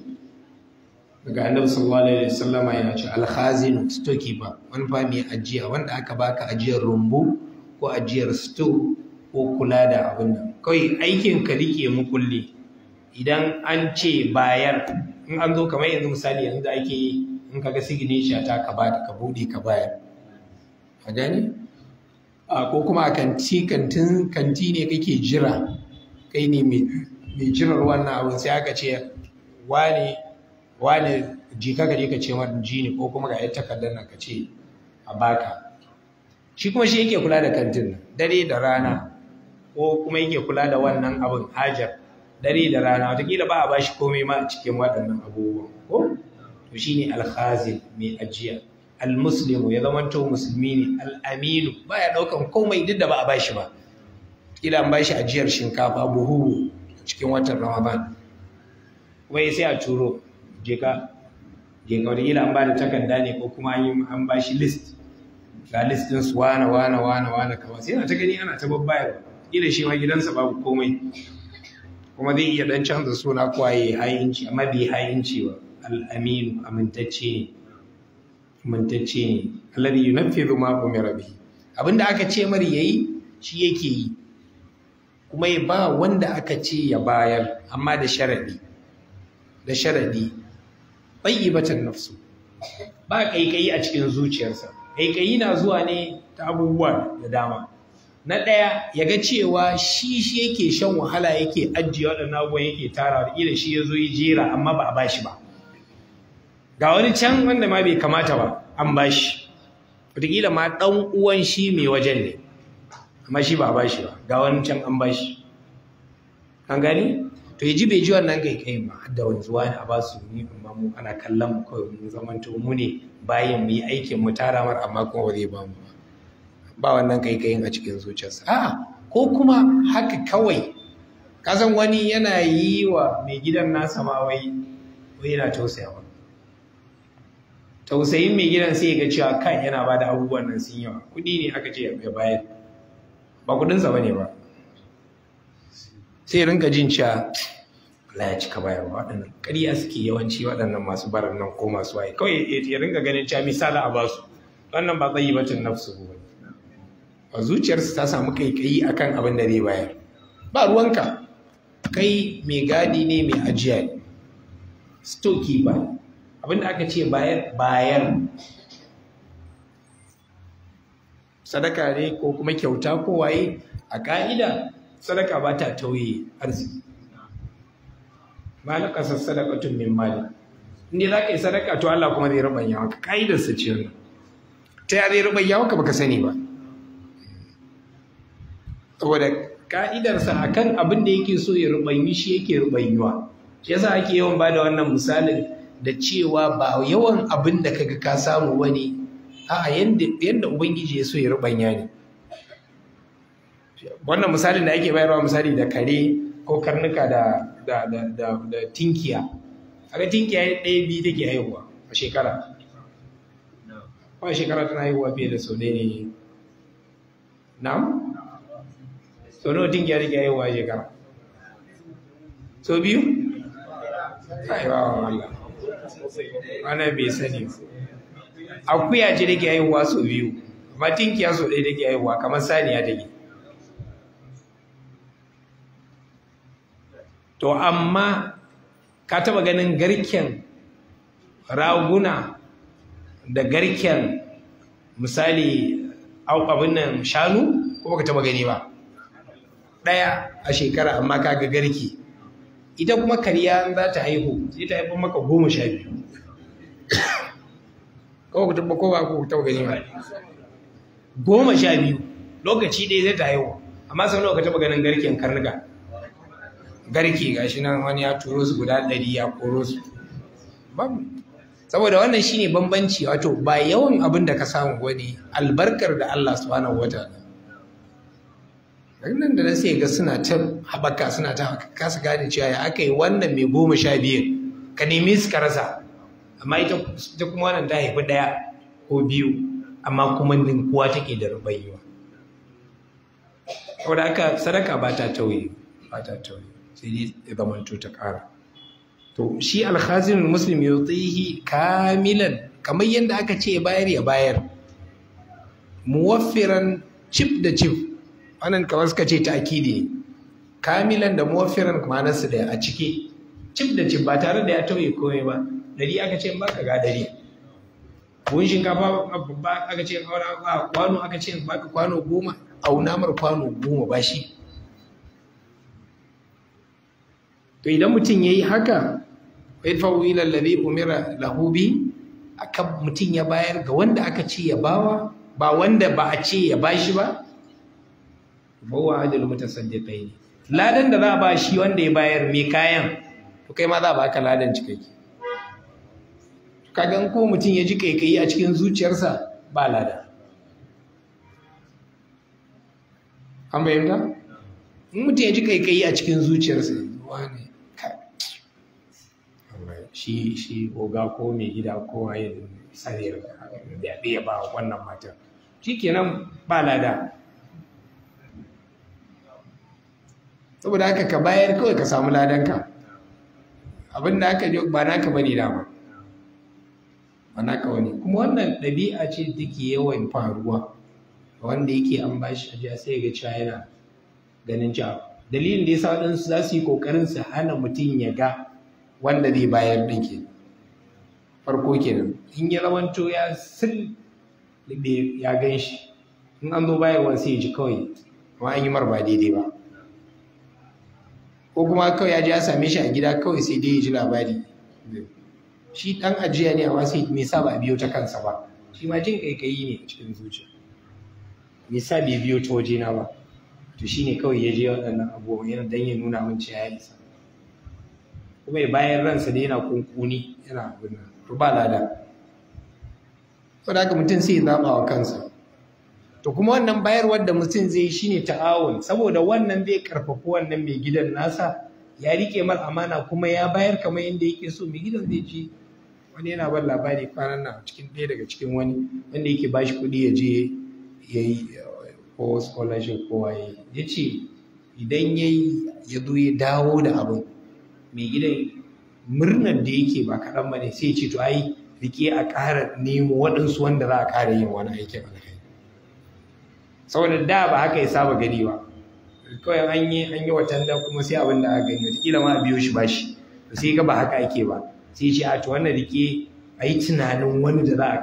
daga annabi sallallahu alaihi wasallama ya ce alhazinu stoki ba wani ba mai ajiya wanda aka baka ajiyar rumbu ko ajiyar sto ko kula da abin nan kawai aikin ka rike mukulli idan an ce bayar in an zo kamar yanzu misali yanzu da ake yi in kaga signature ta ka bada ka bude ka bayar A gani ko kuma a kanti kantin kanti ne kake jira kai ne mai jirar wannan abin sai aka ce wane wane jika ka je ka ce wani ji ko kuma ga yi takardar nan ka ce a baka shi kuma shi yake kula da kantin dare da rana ko kuma yake kula da wannan abin hajar dare da rana watakila ba a bashi komai ma cikin waɗannan abubuwan ko to shi ne alhazin mai ajiya almuslimu ya zamanto musulmi ne Al-Aminu ba ya ɗaukan komai duk da ba a bashi ba kila an shi ajiyar shinkafa buhu cikin watan ramadan wai sai a turo je ka je ka an ba da takarda ne ko kuma an ba shi list ga ɗin din su wane wane wane wane kawai sai yana ta gani ana ta babbayar ila shi ma gidansa babu komai kuma zai iya dan canza suna kwaye hayinci amma bai hayinci ba al amintacce ne amintacce ne alladhi yunaffidu ma umira bihi abinda aka ce mari yayi shi yake yi kuma ya ba wanda aka ce ya bayar amma da sharadi da sharadi bayyibatan nafsu ba kai-kai a cikin zuciyarsa ƙaiƙayi na zuwa ne ta abubuwa da dama na ɗaya ya ga cewa shi shi yake shan wahala yake ajiye waɗannan abubuwan yake tara da ila shi ya zo yi jera amma ba a ba shi ba ga wani can wanda ma bai kamata ba an ba shi wataƙila ma ɗan uwan shi mai wajen ne amma shi ba a ba shi ba ga wani can an ba shi an gani to ya ji bai ji wannan kai kai ma har da wanzuwa ne a ba su ni amma mu ana kallon mu kawai mun zamanta mu ne Bayan mu yi aikin mu tara mar amma kuma ba zai ba mu ba wannan kai kayin a cikin zuciyarsa a'a ko kuma haka kawai kasan wani yana yi wa mai gidan nasa ma wai wai yana tausaya ba tausayin mai gidan sai ga cewa kan yana ba da abubuwan nan sun yawa kuɗi ne aka ce ya bayar ba kuɗinsa ba ne ba sai rinka jin cewa Allah ya cika bayarwa waɗannan ƙarya suke yawanci waɗannan masu barar nan ko masu waye kawai ya ringa ganin cewa misali a basu wannan ba tsayi batun nafsu ba a zuciyarsu ta samu kaikayi akan abin da zai bayar ba ruwanka kai mai gadi ne mai ajiya ne stoki ba abin da aka ce bayar bayar sadaka ne ko kuma kyauta ko waye a ƙa'ida, sadaka ba ta tauye arziki malaka sadaqatun min mali inda za ka yi sadaka to Allah kuma zai rubanya maka kaidar su ce wannan ta ya zai rubanya maka baka sani ba saboda ka'idar sa akan abin da yake so ya rubanyi shi yake rubanyuwa shi yasa ake yawan ba da wannan misalin da cewa ba yawan abin da kaga ka samu wani a'a yanda ubangiji ya so ya rubanya ne wannan misalin da ake bayarwa misali da kare ko karnuka da da da da, da tinkiya kaga tinkiya ɗaya biyu take haihuwa a shekara ba shekara tana haihuwa fiye da sau ɗaya ne na sau nawa tinkiya take haihuwa a shekara sau biyu haihuwa Allah wannan bai sani akuya ce take haihuwa sau biyu amma tinkiya sau ɗaya take haihuwa kamar saniya take to amma ka taba ganin garken raguna da garken misali abin nan shanu ko baka taba gani ba ɗaya a shekara amma ka ga garki ita kuma kariya za ta haihu sai ta haifar maka goma sha biyu ko ku taba ko ba ku taba gani ba goma sha biyu lokaci ɗaya zai ta haihu amma sau nawa ka taba ganin garken karnuka garke gashi nan wani ya turo su guda ɗari ya koro su saboda wannan shine bambanci wato ba yawan abin da ka samu wani albarkar da Allah subhanahu wataala nan da na sai ga suna ta haɓaka suna ta kasa gane cewa ya aka yi wannan mai goma sha biyar ka nemi su ka rasa amma ita kuma wannan ta haifi ɗaya ko biyu amma kuma ninkuwa take da rubayiwa saboda aka, sadaka ba ta tauye ba ta tauye sai dai ya zamanto ta ƙara to shi ya muslim yi kamilan kamar yadda aka ce ya bayar ya bayar muwaffiran cif da cif wannan kamar suka ce ta ne kamilan da muwaffiran ma'anarsu da a cike cif da cif ba tare da ya tauye komai ba dari aka ce ba ka ga dari Kun shinkafa babba aka ce kwano aka ce baka kwano goma auna mar kwano goma ba shi to idan mutum ya yi haka irfa'u ila alladhi umira lahubi bi aka mutum ya bayar ga wanda aka ce ya bawa ba wanda ba a ce ya bashi ba fa huwa ajrul mutasaddiqain ladan da za a ba shi wanda ya bayar mai kayan to kai ma za a ka ladan cikakke gan ko mutum ya ji kaikayi a cikin zuciyarsa ba lada an bayyanta in mutum ya ji kaikayi a cikin zuciyarsa wane shi shi oga ko mai gida ko waye sare da ya ba wannan matan shikenan ba lada saboda haka ka bayar kawai ka samu ladanka abin da aka ba naka bane dama ba naka wani kuma wannan ɗabi'a ce take yawan faruwa wanda yake an bashi ajiya sai ga China ganin cewa dalilin da yasa waɗansu za su yi ƙoƙarin su hana mutum ya ga wanda zai bayar din ke farko kenan in ya rawanto ya sil ya gan shi in an zo bayar sai ya ji kawai amma an yi mar ba daidai ba ko kuma kawai ya ji ya same shi a gida kawai sai dai ya ji labari shi dan ajiya ne amma sai me sa ba a biyo ta kansa ba shi ma jin kaikayi ne cikin zuciya me sa bai biyo ta wajena ba to shine kawai ya je waɗannan abubuwan yana dan ya nuna min cewa ya isa kuma ya bayan ransa da yana kunkuni yana abin nan to ba lada saboda mutum sai ya zaɓa wa kansa to kuma wannan bayar da mutum zai shi ne ta'awun saboda wannan zai karfafi wannan mai gidan nasa ya rike mar amana kuma ya bayar kamar yadda yake so mai gidan zai ci wani yana ban labari kwanan nan cikin ɗaya daga cikin wani wanda yake bashi kuɗi ya je ya yi ko scholarship ko ya ce idan ya yi ya zo ya dawo da abin mai gidan murnar da yake ba kaɗan ba ne sai ce to ai rike a ƙara nemo waɗansu wanda za a ƙara yin wani aikin alkhairi saboda da ba haka ya saba gani ba kawai an yi an yi watan da kuma sai abin da aka gani wataƙila ma a biyo shi bashi to sai ga ba haka ake ba sai ce a to wannan rike a yi tunanin wani da za a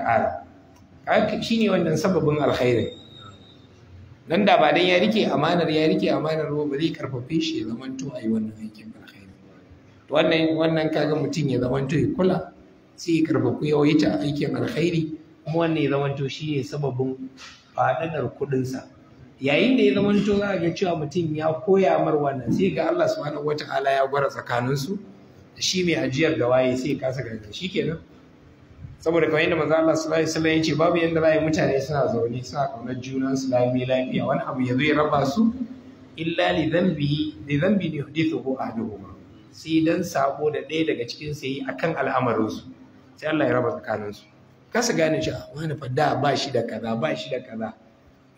ƙara shi ne wannan sababin alkhairin nan da ba dan ya rike amanar ya rike amanar ruwa ba zai karfafe shi ya zamanto a yi wannan aikin alkhairi wannan wannan kaga mutum ya zamanto ya kula sai ya ku ya wuce a aikin alkhairi kuma wannan ya zamanto shi ne sababin faɗaɗar kuɗinsa yayin da ya zamanto za a ga cewa mutum ya koya mar wannan sai ga Allah subhanahu wata'ala ya gwara tsakanin tsakaninsu shi mai ajiyar da waye sai ya kasa ganin shi kenan saboda kamar yadda manzo Allah sallallahu alaihi wasallam yace babu yanda za mutane suna zaune suna kaunar juna su lami lafiya wani abu ya zo ya raba su illa li dhanbi li dhanbi yuhdithuhu ahduhuma sai dan sabo da ɗaya daga cikin su yi akan al'amarin sai Allah ya raba tsakaninsu. su kasa gane shi a, wani fa da ba shi da kaza ba shi da kaza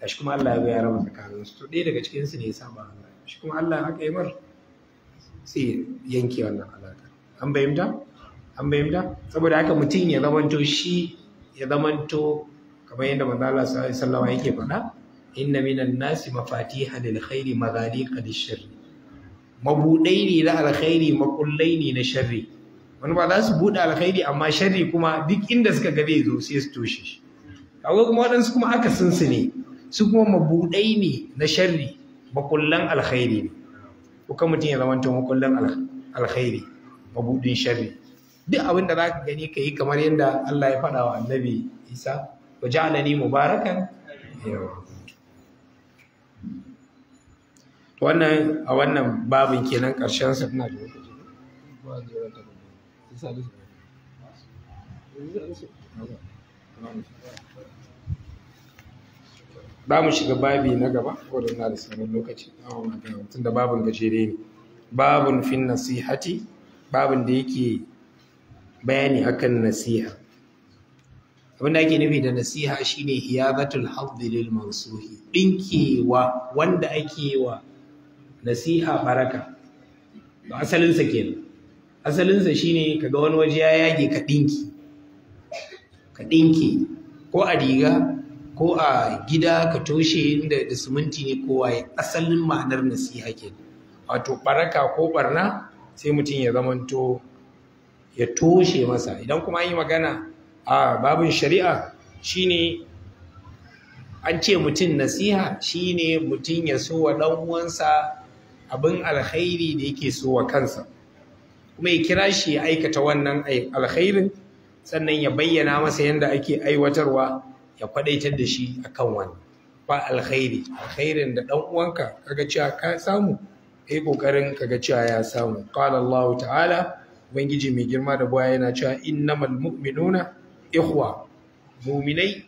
shi kuma Allah ya zo ya raba tsakaninsu? to ɗaya daga cikin su ne ya saba Allah shi kuma Allah haka yi mar sai yanke wannan alaka an bayyanta an bayyanta saboda haka mutum ya zamanto shi ya zamanto kamar yadda manzo Allah sallallahu alaihi wasallam yake faɗa inna minan nasi mafatiha lil khairi maghaliqa lish-sharri mabuɗai ne na alkhairi makullai ne na sharri wani ba za su buɗe alkhairi amma sharri kuma duk inda suka ga zai zo sai su toshe shi kawo kuma waɗansu kuma aka sun su ne su kuma mabuɗai ne na sharri makullan alkhairi ne kuka mutum ya zamanta makullan alkhairi mabuɗin sharri duk abin da za ka gani ka yi kamar yadda Allah ya faɗa wa annabi Isa wa ja'alani mubarakan yawa wannan a wannan babin kenan ƙarshen sa ina da lokaci Ba mu shiga babi na gaba ko wadda na da sauran lokaci tun da babin gajere ne babin fin nasihati babin da yake bayani akan nasiha Abin abinda ake nufi da nasiha shine hiyazatul haddi lil mansuhi dinkewa wanda ake wa nasiha baraka ba asalinsa kenan asalinsa shine kaga wani waje ya yage ka dinki ko a riga ko a gida ka toshe inda da suminti ne kowa ya asalin ma'anar nasiha kenan wato baraka ko barna sai mutum ya zamanto ya toshe masa idan kuma an yi magana a babin shari'a shine an ce mutum nasiha shine mutum ya so wa ɗan uwansa abin alkhairi da yake so wa kansa kuma ya kira shi ya aikata wannan alkhairin sannan ya bayyana masa yadda ake aiwatarwa ya kwadaitar da shi akan wani. ba alkhairi alkhairin da dan uwanka kaga cewa ka samu kai kokarin kaga cewa ya samu qala Allah ta'ala ubangiji mai girma da baya yana cewa innamal mu'minuna ikhwa mu'minai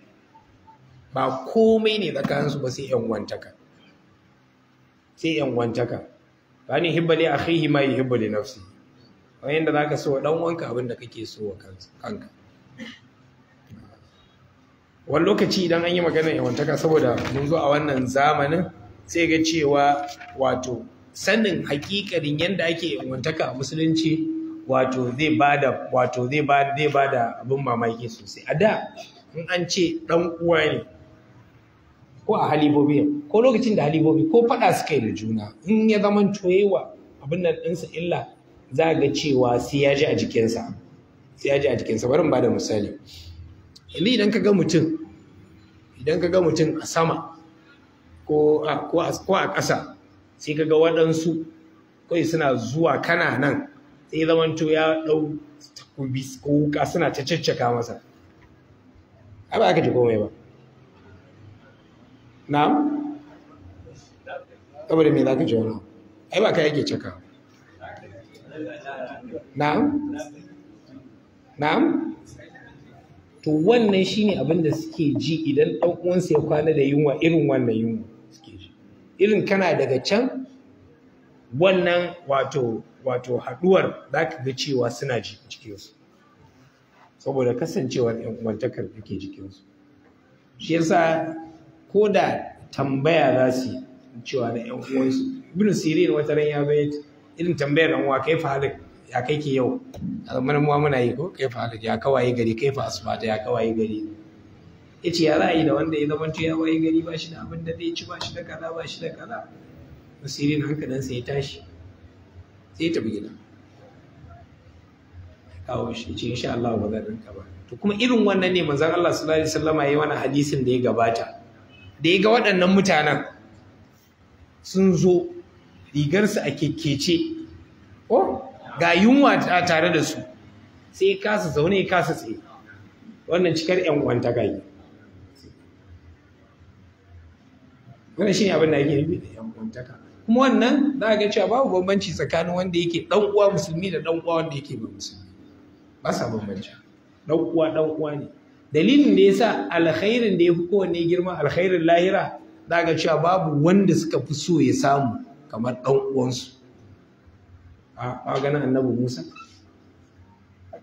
ba komai ne tsakaninsu ba sai yan wantaka sai yan wantaka bani hibbali a akhihi ma yuhibbu li nafsi wayin da zaka so dan wanka abin da kake so wa kanka wani lokaci idan an yi magana yawantaka saboda mun zo a wannan zamanin sai ga cewa wato sanin hakikarin yadda ake yawantaka a musulunci wato zai bada wato zai bada abin mamaki sosai a da in an ce dan uwa ne ko a halibobi ko lokacin da halibobi ko faɗa suka yi da juna in ya zama toyewa abin nan ɗinsa illa za ga cewa sai ya ji a jikinsa sai ya ji a jikinsa bari ba bada misali yanzu idan ka ga mutum idan ka ga mutum a sama ko a ƙasa sai ka ga waɗansu kawai suna zuwa kana nan sai zamanto ya ɗau takobi ko wuka suna ta caccaka masa ba aka ji komai ba na'am saboda me za ka ji wani ai ba ka yake caka na'am na'am to wannan shine abin da suke ji idan ɗan uwansa ya kwana da yunwa irin wannan yunwa suke ji irin kana daga can wannan wato wato haɗuwar za ka ga cewa suna ji jikinsu saboda kasancewar 'yan uwantakar da ke jikinsu shi yasa ko da tambaya za su cewa da yan uwansu ibn sirin wata ran ya bai irin tambayar dan uwa kai fa halik ya kai ke yau almanin muwa muna yi ko kai fa halik ya kawaye gari kai fa asibata ya kawaye gari Ya ce ya ra'ayi da wanda ya to ya waye gari ba shi da abin da zai ci ba shi da kaza ba shi da kaza sirin hankalinsa ya tashi sai ya tafi gida kawo shi ce insha Allah ba zan rinka ba to kuma irin wannan ne manzon Allah sallallahu alaihi wasallama yayi hadisin da ya gabata da ya ga waɗannan mutanen sun zo rigarsu a kekece, ko oh, ga yunwa tare da su sai ya kasa zaune ya kasa tsaye wannan cikar yan uwanta gayi wannan shine abin da yake nufi da yan uwantaka kuma wannan za ga cewa babu bambanci tsakanin wanda yake dan uwa musulmi da dan uwa wanda yake ba musulmi ba sa bambanci dan uwa dan uwa ne dalilin da ya sa alkhairin da ya fi kowanne girma alkhairin lahira za ka cewa babu wanda suka fi so ya samu kamar ɗan uwansu a ganin annabi musa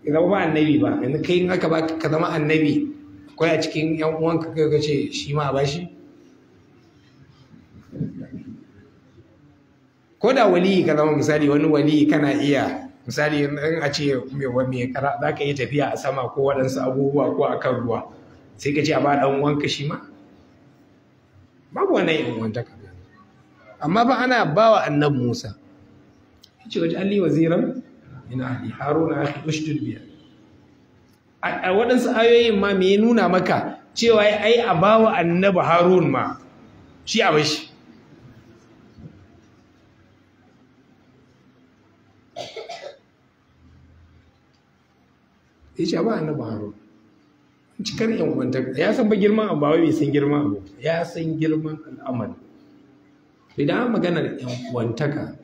zama ba annabi ba yanzu kai in aka baka ka zama annabi akwai a cikin yan uwanka kai ka ce shi ma ba shi ko da wali ka zama misali wani wali kana iya misali in a ce mai kara za ka yi tafiya a sama ko waɗansu abubuwa ko a kan ruwa sai ka ce a ba ɗan wanka shi ma babu wannan yin wanta amma ba ana ba wa annabi musa ya ce waje alli waziran ina ali haruna ya ushdud biya a waɗansu ayoyin ma me nuna maka cewa ai a ba wa annabi harun ma shi a bashi ya ce ba annabi haro cikar yan uwantaka ya san ba girman abu ba bai san girman abu ya san girman al'amal idan an magana da yan uwantaka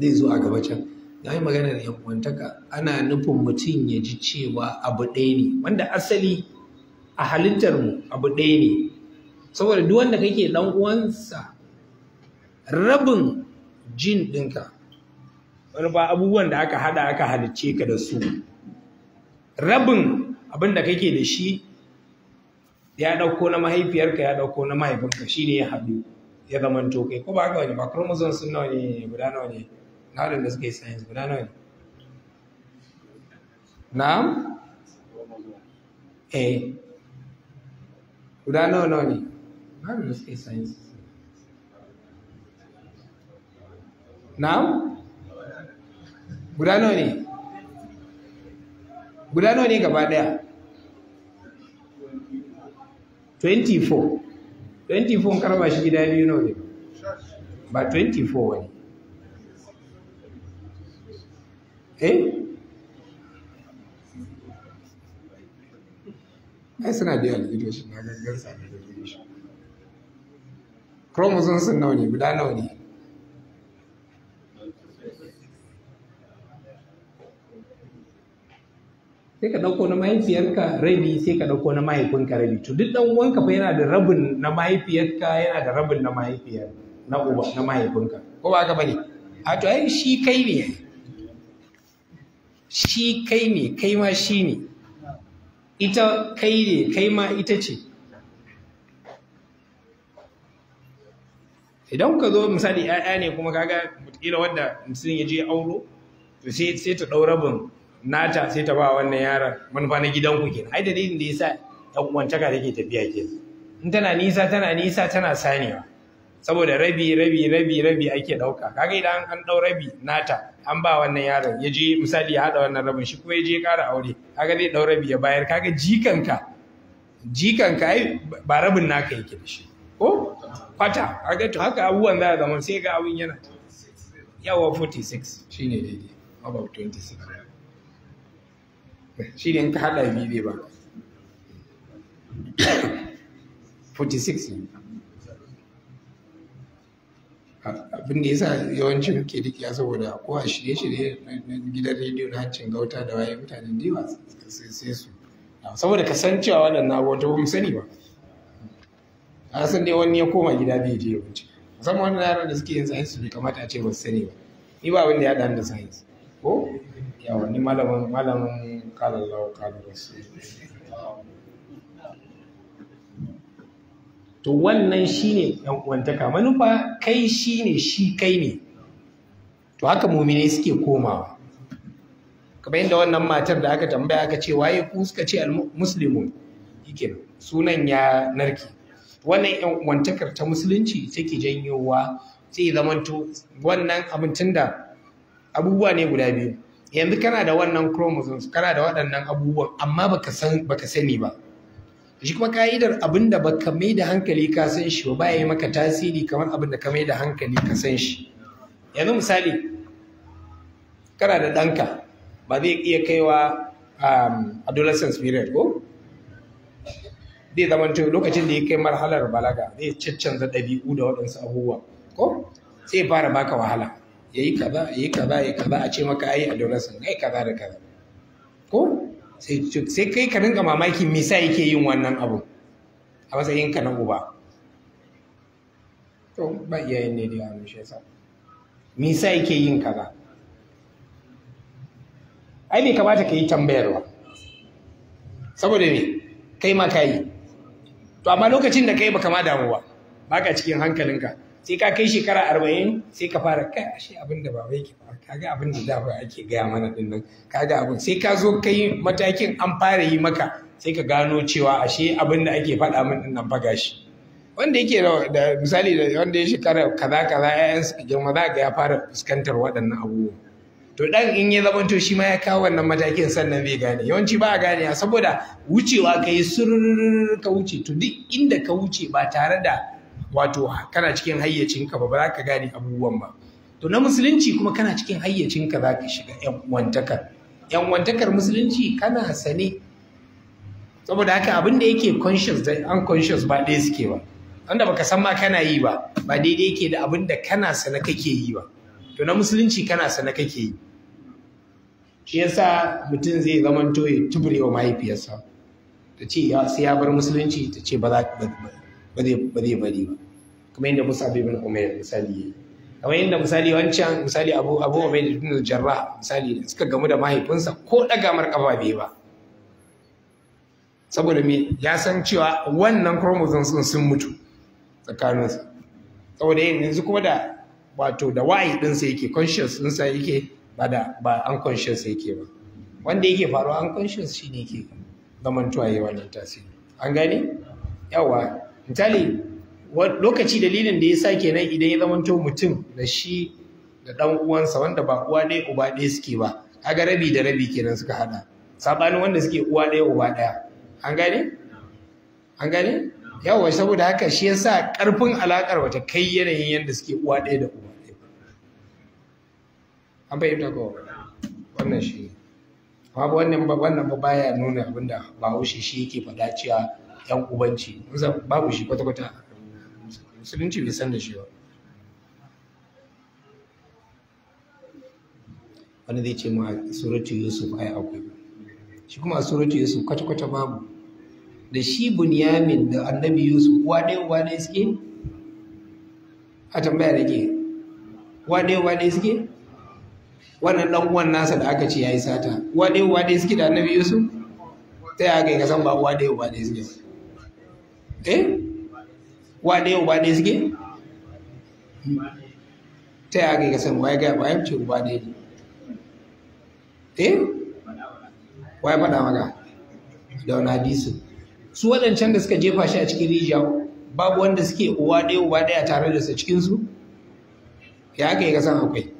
zai zo a gaba can da yi magana da yan uwantaka ana nufin mutum ya ji cewa abu ɗaya ne wanda asali a halittar mu abu ɗaya ne saboda duk wanda kake dan uwansa rabin jin ɗinka wani ba abubuwan da aka hada aka halicce ka da su rabin abin da kake da shi ya ɗauko na mahaifiyarka ya ɗauko na mahaifinka shi ne ya haɗu ya zama toke ko ba haka wani ba kromosom sun nawa ne guda nawa ne na da suka yi science guda nawa ne na'am eh guda nawa nawa ne na da suka yi science na'am guda nawa ne guda nawa ne gaba daya 24 24 karba shi gida biyu nawa ne ba 24 wani eh ai suna da yawan ido shi na gangar sami da shi chromosomes nawa ne guda nawa ne sai ka ɗauko na mahaifiyarka rabi sai ka ɗauko na mahaifinka rabi to duk ɗan uwanka fa yana da rabin na mahaifiyarka yana da rabin na mahaifiyar na uba na mahaifinka ko ba ka bane a to ai shi kai ne shi kai ne kai ma shi ne ita kai ne kai ma ita ce idan ka zo misali 'ya'ya ne kuma kaga mutakila wanda mutum ya je auro to sai ta ɗau rabin nata sai ta ba wannan yaron manufa na gidanku kenan ai dalilin da yasa ta ka take tafiya ke in tana nisa tana nisa tana sanewa saboda rabi rabi rabi rabi ake dauka kaga idan an dau rabi nata an ba wannan yaron ya je misali ya hada wannan rabin shi kuma ya je ya kara aure kaga zai dau rabi ya bayar kaga jikanka jikanka ai ba rabin naka yake da shi ko kwata kaga to haka abubuwan za a zama sai ga abun yana yawa 46 shine daidai about 26 shi ne ta ka haɗa biyu ne ba. 46 abin da yasa yawancin duk dikiya saboda ko a shirye-shirye na gidan rediyo na hancin gauta da waye mutanen da sai su saboda ka san cewa waɗannan abubuwan ta wani sani ba a san dai wani ya koma gida bai je yawanci musamman wani yaran da suke yin science bai kamata a ce ba su sani ba ni ba abin da ya ɗan da science ko ya ni malamin malamin قال to wannan shine yan uwantaka manufa kai shine shi kai ne to haka muminai suke komawa kamar yadda wannan matar da aka tambaya aka ce waye ku suka ce muslimun yake sunan ya narke wannan yan uwantakar ta musulunci take janyowa sai zamanto wannan abin tunda abubuwa ne guda biyu yanzu kana da wannan chromosomes kana da waɗannan abubuwan amma baka san baka sani ba shi kuma ka'idar abin da baka mai da hankali ka san shi ba ya yi maka tasiri kamar abin da ka mai da hankali ka san shi yanzu misali kana da ɗanka ba zai iya kaiwa um, adolescence period ko zai zamanto lokacin da ya kai marhalar balaga zai caccanza ɗabi'u da waɗansu abubuwa ko sai fara baka wahala Ya yi kaza yi kaza ya kaza a ce maka ai sun ai kaza da kaza ko sai kai ka rinka mamaki me sa yake yin wannan abu a matsayin ka na uba to ba iyayen ne da hannu shi yasa me sa yake yin kaza ai bai kamata ka yi tambayarwa saboda me kai ma ka yi to amma lokacin da kai baka ma damu ba baka cikin hankalinka sai ka kai shekara arba'in sai ka fara kai ashe abin da baba yake fara kaga abin da dafa ake gaya mana din nan kaga abin sai ka zo kai matakin an fara yi maka sai ka gano cewa ashe abin da ake faɗa min din nan faga shi wanda yake da misali da wanda ya shekara kaza kaza ƴaƴan su girma za ga ya fara fuskantar waɗannan abubuwa to dan in ya zama to shi ma ya kawo wannan matakin sannan zai gane yawanci ba gane saboda wucewa kai surur ka wuce to duk inda ka wuce ba tare da wato kana cikin hayyacinka ba ba za ka gane abubuwan ba to na musulunci kuma kana cikin hayyacinka za ka shiga yan wantakar yan wantakar musulunci kana sane saboda haka abin da yake conscious da unconscious ba ɗaya suke ba wanda baka san ma kana yi ba ba daidai yake da abin da kana sana kake yi ba to na musulunci kana sana kake yi shi yasa mutum zai zamanto ya tubure wa mahaifiyarsa ta ce sai ya bar musulunci ta ce ba za ka ba zai bari ba kamar yadda musa bai bin umair misali yayi kamar yadda misali wancan misali abu abu umair bin jarra misali suka gamu da mahaifinsa ko daga mar kafa bai ba saboda me ya san cewa wannan chromosome sun sun mutu tsakaninsu saboda yanzu kuma da wato da wa'ayi ɗinsa yake conscious ɗinsa yake ba da ba unconscious yake ba wanda yake faruwa unconscious shine yake zamantuwa yayi wannan tasiri an gane yawa misali lokaci dalilin da ya sa kenan idan ya zamanto mutum da shi da ɗan uwansa wanda ba uwa ɗaya uba ɗaya suke ba kaga rabi da rabi kenan suka haɗa saɓanin wanda suke uwa ɗaya uba ɗaya an gane an gane yawa saboda haka shi ya sa ƙarfin alaƙar wata kai yanayin yadda suke uwa ɗaya da uba ɗaya an fahimta ko wannan shi ne amma wannan ba baya nuna abinda haushe shi yake faɗa cewa yan ubanci babu shi kwata-kwata musulunci bai san da shi ba wani zai ce ma a suratu yusuf ai akwai shi kuma a suratu yusuf kwata-kwata babu da shi bunyamin da annabi yusuf uwa ɗaya uwa suke a tambaya da ke uwa ɗaya uwa suke wannan ɗan uwan nasa da aka ce ya yi sata uwa ɗaya uwa suke da annabi yusuf ta yi aka yi kasan ba uwa ɗaya uwa ba. eh wa ɗaya uba ɗaya suke ta ya kai kasan waye gaya bayan ce uba ɗaya ne eh waye faɗa maka da wani hadisin su waɗancan da suka jefa shi a cikin rijiya babu wanda suke uwa ɗaya uba ɗaya tare da su cikin su ya ka yi kasan akwai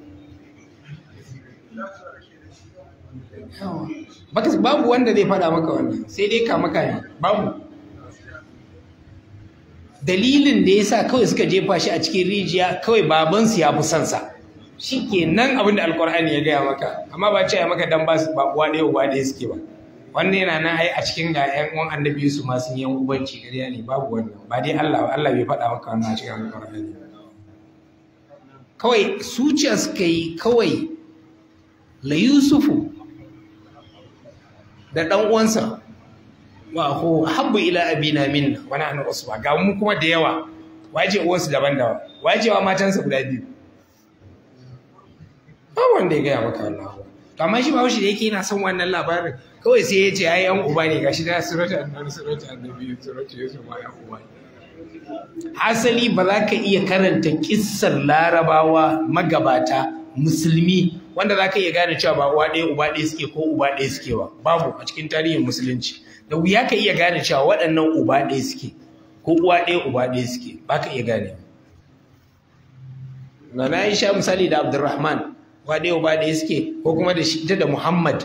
babu wanda zai faɗa maka wannan sai dai ka maka ne babu dalilin da ya sa kawai suka jefa shi a cikin rijiya kawai babansu ya fi son sa nan abin da alkur'ani ya gaya maka amma ba ce maka dan ba su ba uwa ɗaya uba ɗaya suke ba wannan yana nan ai a cikin ga ƴan uwan annabi su ma sun yan ubanci gariya ne babu wannan ba dai Allah Allah bai faɗa maka wannan a cikin alkur'ani kawai suciya suka yi kawai la Yusufu da ɗan uwansa wa ko habbu ila abina minna wa nahnu usba ga mu kuma da yawa waje su daban daban waje wa matansa guda biyu ba wanda ya gaya maka Allah to amma shi ba shi da yake yana son wannan labarin kawai sai ya ce ai an uba ne gashi da surata annabi surata annabi surata yesu ma ya uba asali ba za ka iya karanta kissar larabawa magabata musulmi wanda za ka iya gane cewa ba uwa ɗaya uba ɗaya suke ko uba ɗaya suke ba babu a cikin tarihin musulunci da wuya ka iya gane cewa waɗannan uba ɗaya suke ko uwa ɗaya uba ɗaya suke ba ka iya gane na na yi sha misali da abdurrahman uwa ɗaya uba ɗaya suke ko kuma da shi da muhammad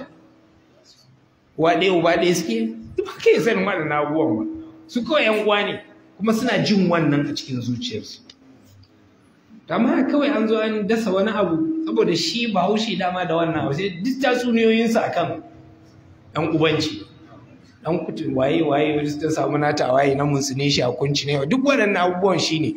uwa ɗaya uba ɗaya suke ba ka iya sanin na abubuwan ba su kawai yan uwa ne kuma suna jin wannan a cikin zuciyarsu amma kawai an zo an dasa wani abu saboda shi bahaushe dama da wannan abu sai duk tatsuniyoyinsu akan yan ubanci dan kutu waye waye ta samu nata waye na munsune shi a kunci ne duk waɗannan abubuwan shi ne.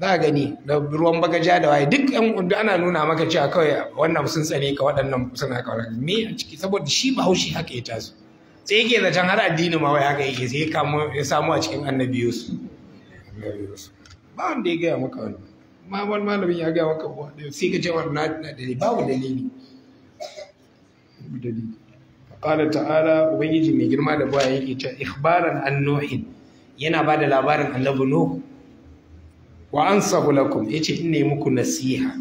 za a gani da ruwan bagaja da waye duk yan ana nuna maka cewa kawai wannan sun tsane ka waɗannan suna haka wannan me a ciki saboda shi bahaushe haka ya taso sai yake da can har addini ma wai haka yake sai ya samu a cikin annabi Yusuf ba wanda ya gaya maka wani ma wani malamin ya gaya maka sai ka ce wani na dalili babu dalili babu dalili qala ta'ala ubangiji mai girma da baya yake cewa ikhbaran an yana ba da labarin annabi nuh wa ansahu lakum yace in ne muku nasiha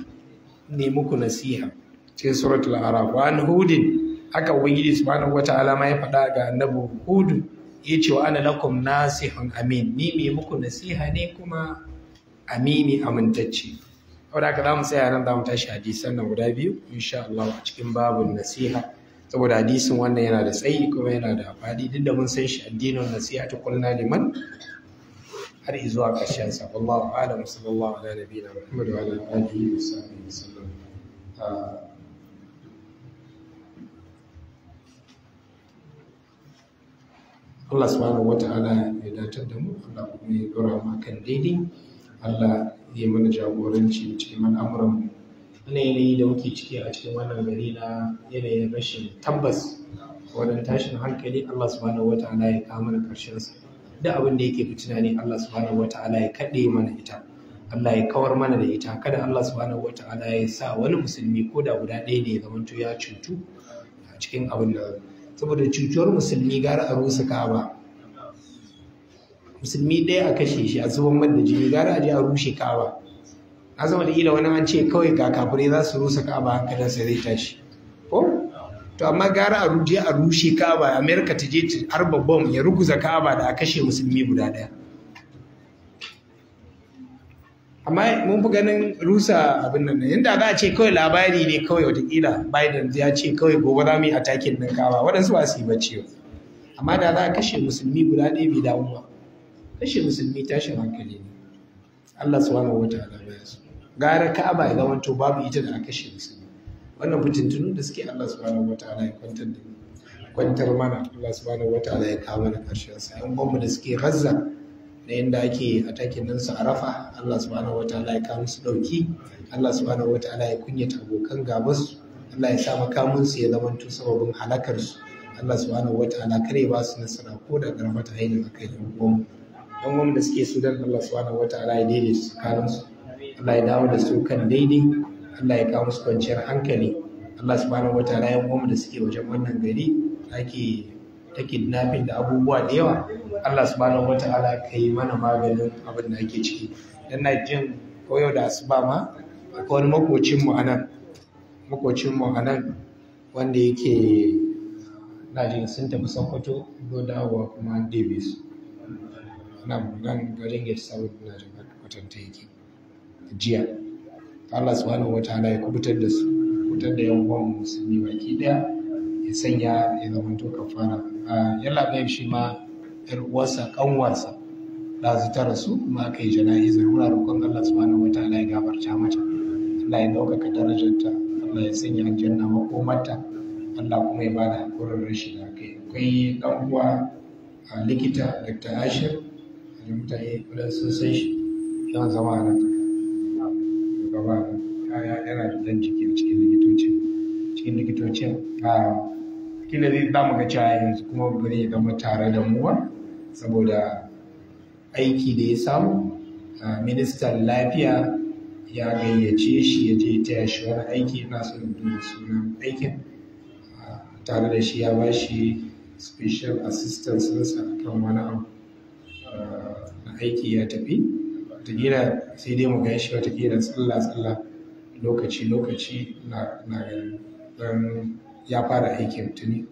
ne muku nasiha cikin suratul araf wa an hudin haka ubangiji subhanahu wataala ma ya faɗa ga annabi hudu yace wa ana lakum nasihun amin ni mai muku nasiha ne kuma amini amintacce saboda haka za mu tsaya nan za mu tashi hadisan nan guda biyu insha Allah a cikin babun nasiha saboda hadisin wannan yana da tsayi kuma yana da faɗi duk da mun san shi addinin nasihatu kulna liman har zuwa ƙarshen sa wallahu a'lam sallallahu ala nabiyina muhammad wa ala alihi wa sahbihi wasallam ah. Allah subhanahu wa ta'ala ya datar da mu Allah kuma ya dora mu kan daidai Allah ya mana jagoranci cikin al'amuran mu na yanayi da muke ciki a cikin wannan gari na yanayin rashin tabbas wannan tashin hankali Allah subhanahu wataala ya kama da karshen sa Da abin da yake fitina ne Allah subhanahu wataala ya kade mana ita Allah ya kawar mana da ita kada Allah subhanahu wataala ya sa wani musulmi ko da guda ɗaya ne ya zamanto ya cutu a cikin abin da saboda cutuwar musulmi gara a rusa ka'aba musulmi ɗaya a kashe shi a zuban da jini gara a je a rushe ka'aba a zama da ila wani an ce kawai ga kafirai za su rusa ka'aba hankalin sai zai tashi ko to amma gara a ruje a rushe ka'aba america ta je ta harba bom ya ruguza ka'aba da a kashe musulmi guda daya amma mun fi ganin rusa abin nan yadda za a ce kawai labari ne kawai watakila biden ya ce kawai gobe za mu yi atakin nan kawa waɗansu ba su yi ba ce amma da za a kashe musulmi guda ɗaya bai damu ba kashe musulmi tashin hankali ne Allah subhanahu wa ta'ala bai so gara Ka'aba ya zamanto babu ita da aka shi musulmi wannan fitintunu da suke Allah subhanahu wa ta'ala ya kwantar da kwantar mana Allah subhanahu wa ta'ala ya kawo mana karshen sa yan bombu da suke Gaza na yanda ake atakin nan su Arafa Allah subhanahu wa ta'ala ya kawo musu dauki Allah subhanahu wa ta'ala ya kunyata abokan gabansu Allah ya sa makamin su ya zamanto sababin halakar su Allah subhanahu wa ta'ala kare ba su nasara ko da karfata ainihin akai yan bombu yan da suke su dan Allah subhanahu ala ya su tsakanin su Allah ya dawo da su kan daidai Allah ya kawo musu kwanciyar hankali Allah subhanahu wataala yan da suke wajen wannan gari ake ta kidnapping da abubuwa da yawa Allah subhanahu ala ka yi mana maganin abin da ake ciki dan na jin ko yau da asuba ma akwai wani makocin mu anan makocin mu wanda yake na jin sun tafi Sokoto do dawowa kuma su. nan nan garin gate sabon na jin kwatanta yake jiya Allah subhanahu wataala ya kubutar da su kubutar da yan uwan musulmi baki daya ya sanya ya zamanto kafara yalla bai shi ma yar uwarsa kanwarsa da su ta rasu kuma kai jana'izar muna roƙon Allah subhanahu wataala ya gafarta mata Allah ya ɗaukaka darajarta Allah ya sanya aljanna makomarta Allah kuma ya bada hakurin rashi da kai akwai ɗan uwa likita Dr. Ashir da mutane kudan sun san shi yawan zama a nan gaba ya yana da dan jiki cikin likitocin cikin likitocin a kila zai za mu ga cewa yanzu kuma bari ya zama tare da mu ba saboda aiki da ya samu ministan lafiya ya gayyace shi ya je taya shi wani aiki ina son duba sunan aikin tare da shi ya ba shi special assistance nasa akan wani abu aiki ya tafi watakila sai dai mu gan shi watakila tsalla tsalla lokaci lokaci na ganin don ya fara aikin tuni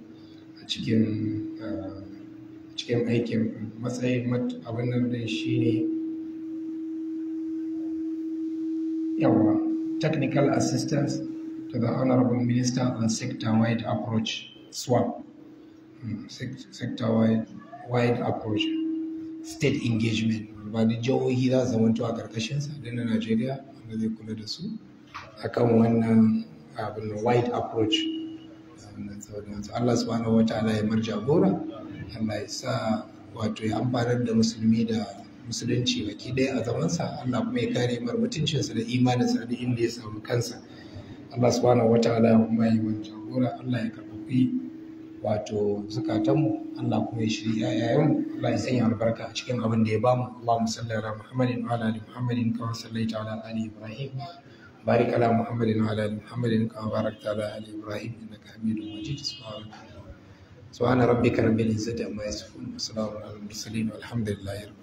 a cikin cikin aikin matsayi. abin nan din shi ne yawa technical assistance to the honorable minister on sector-wide approach swap hmm, sector-wide approach state engagement wani jihohi za su zamanto a karkashin da na najeriya wanda zai kula da su akan wannan abin wide approach Allah subhanahu wa ta'ala ya marja gora Allah ya sa wato ya amfanar da musulmi da musulunci baki ɗaya a zamansa Allah kuma ya kare mar mutuncinsa da imaninsa da inda ya samu kansa Allah subhanahu wa ta'ala ya marja gora Allah ya karɓi wato zukatanmu Allah kuma ya shirya yayan Allah ya sanya albarka a cikin abin da ya bamu Allahumma salli ala Muhammadin wa ala ali Muhammadin kama sallaita ala ali Ibrahim barik ala Muhammadin wa ala ali Muhammadin kama barakta ala ali Ibrahim innaka Hamidum Majid subhanaka subhana rabbika rabbil izzati amma yasifun wa salamun alal mursalin walhamdulillahi rabbil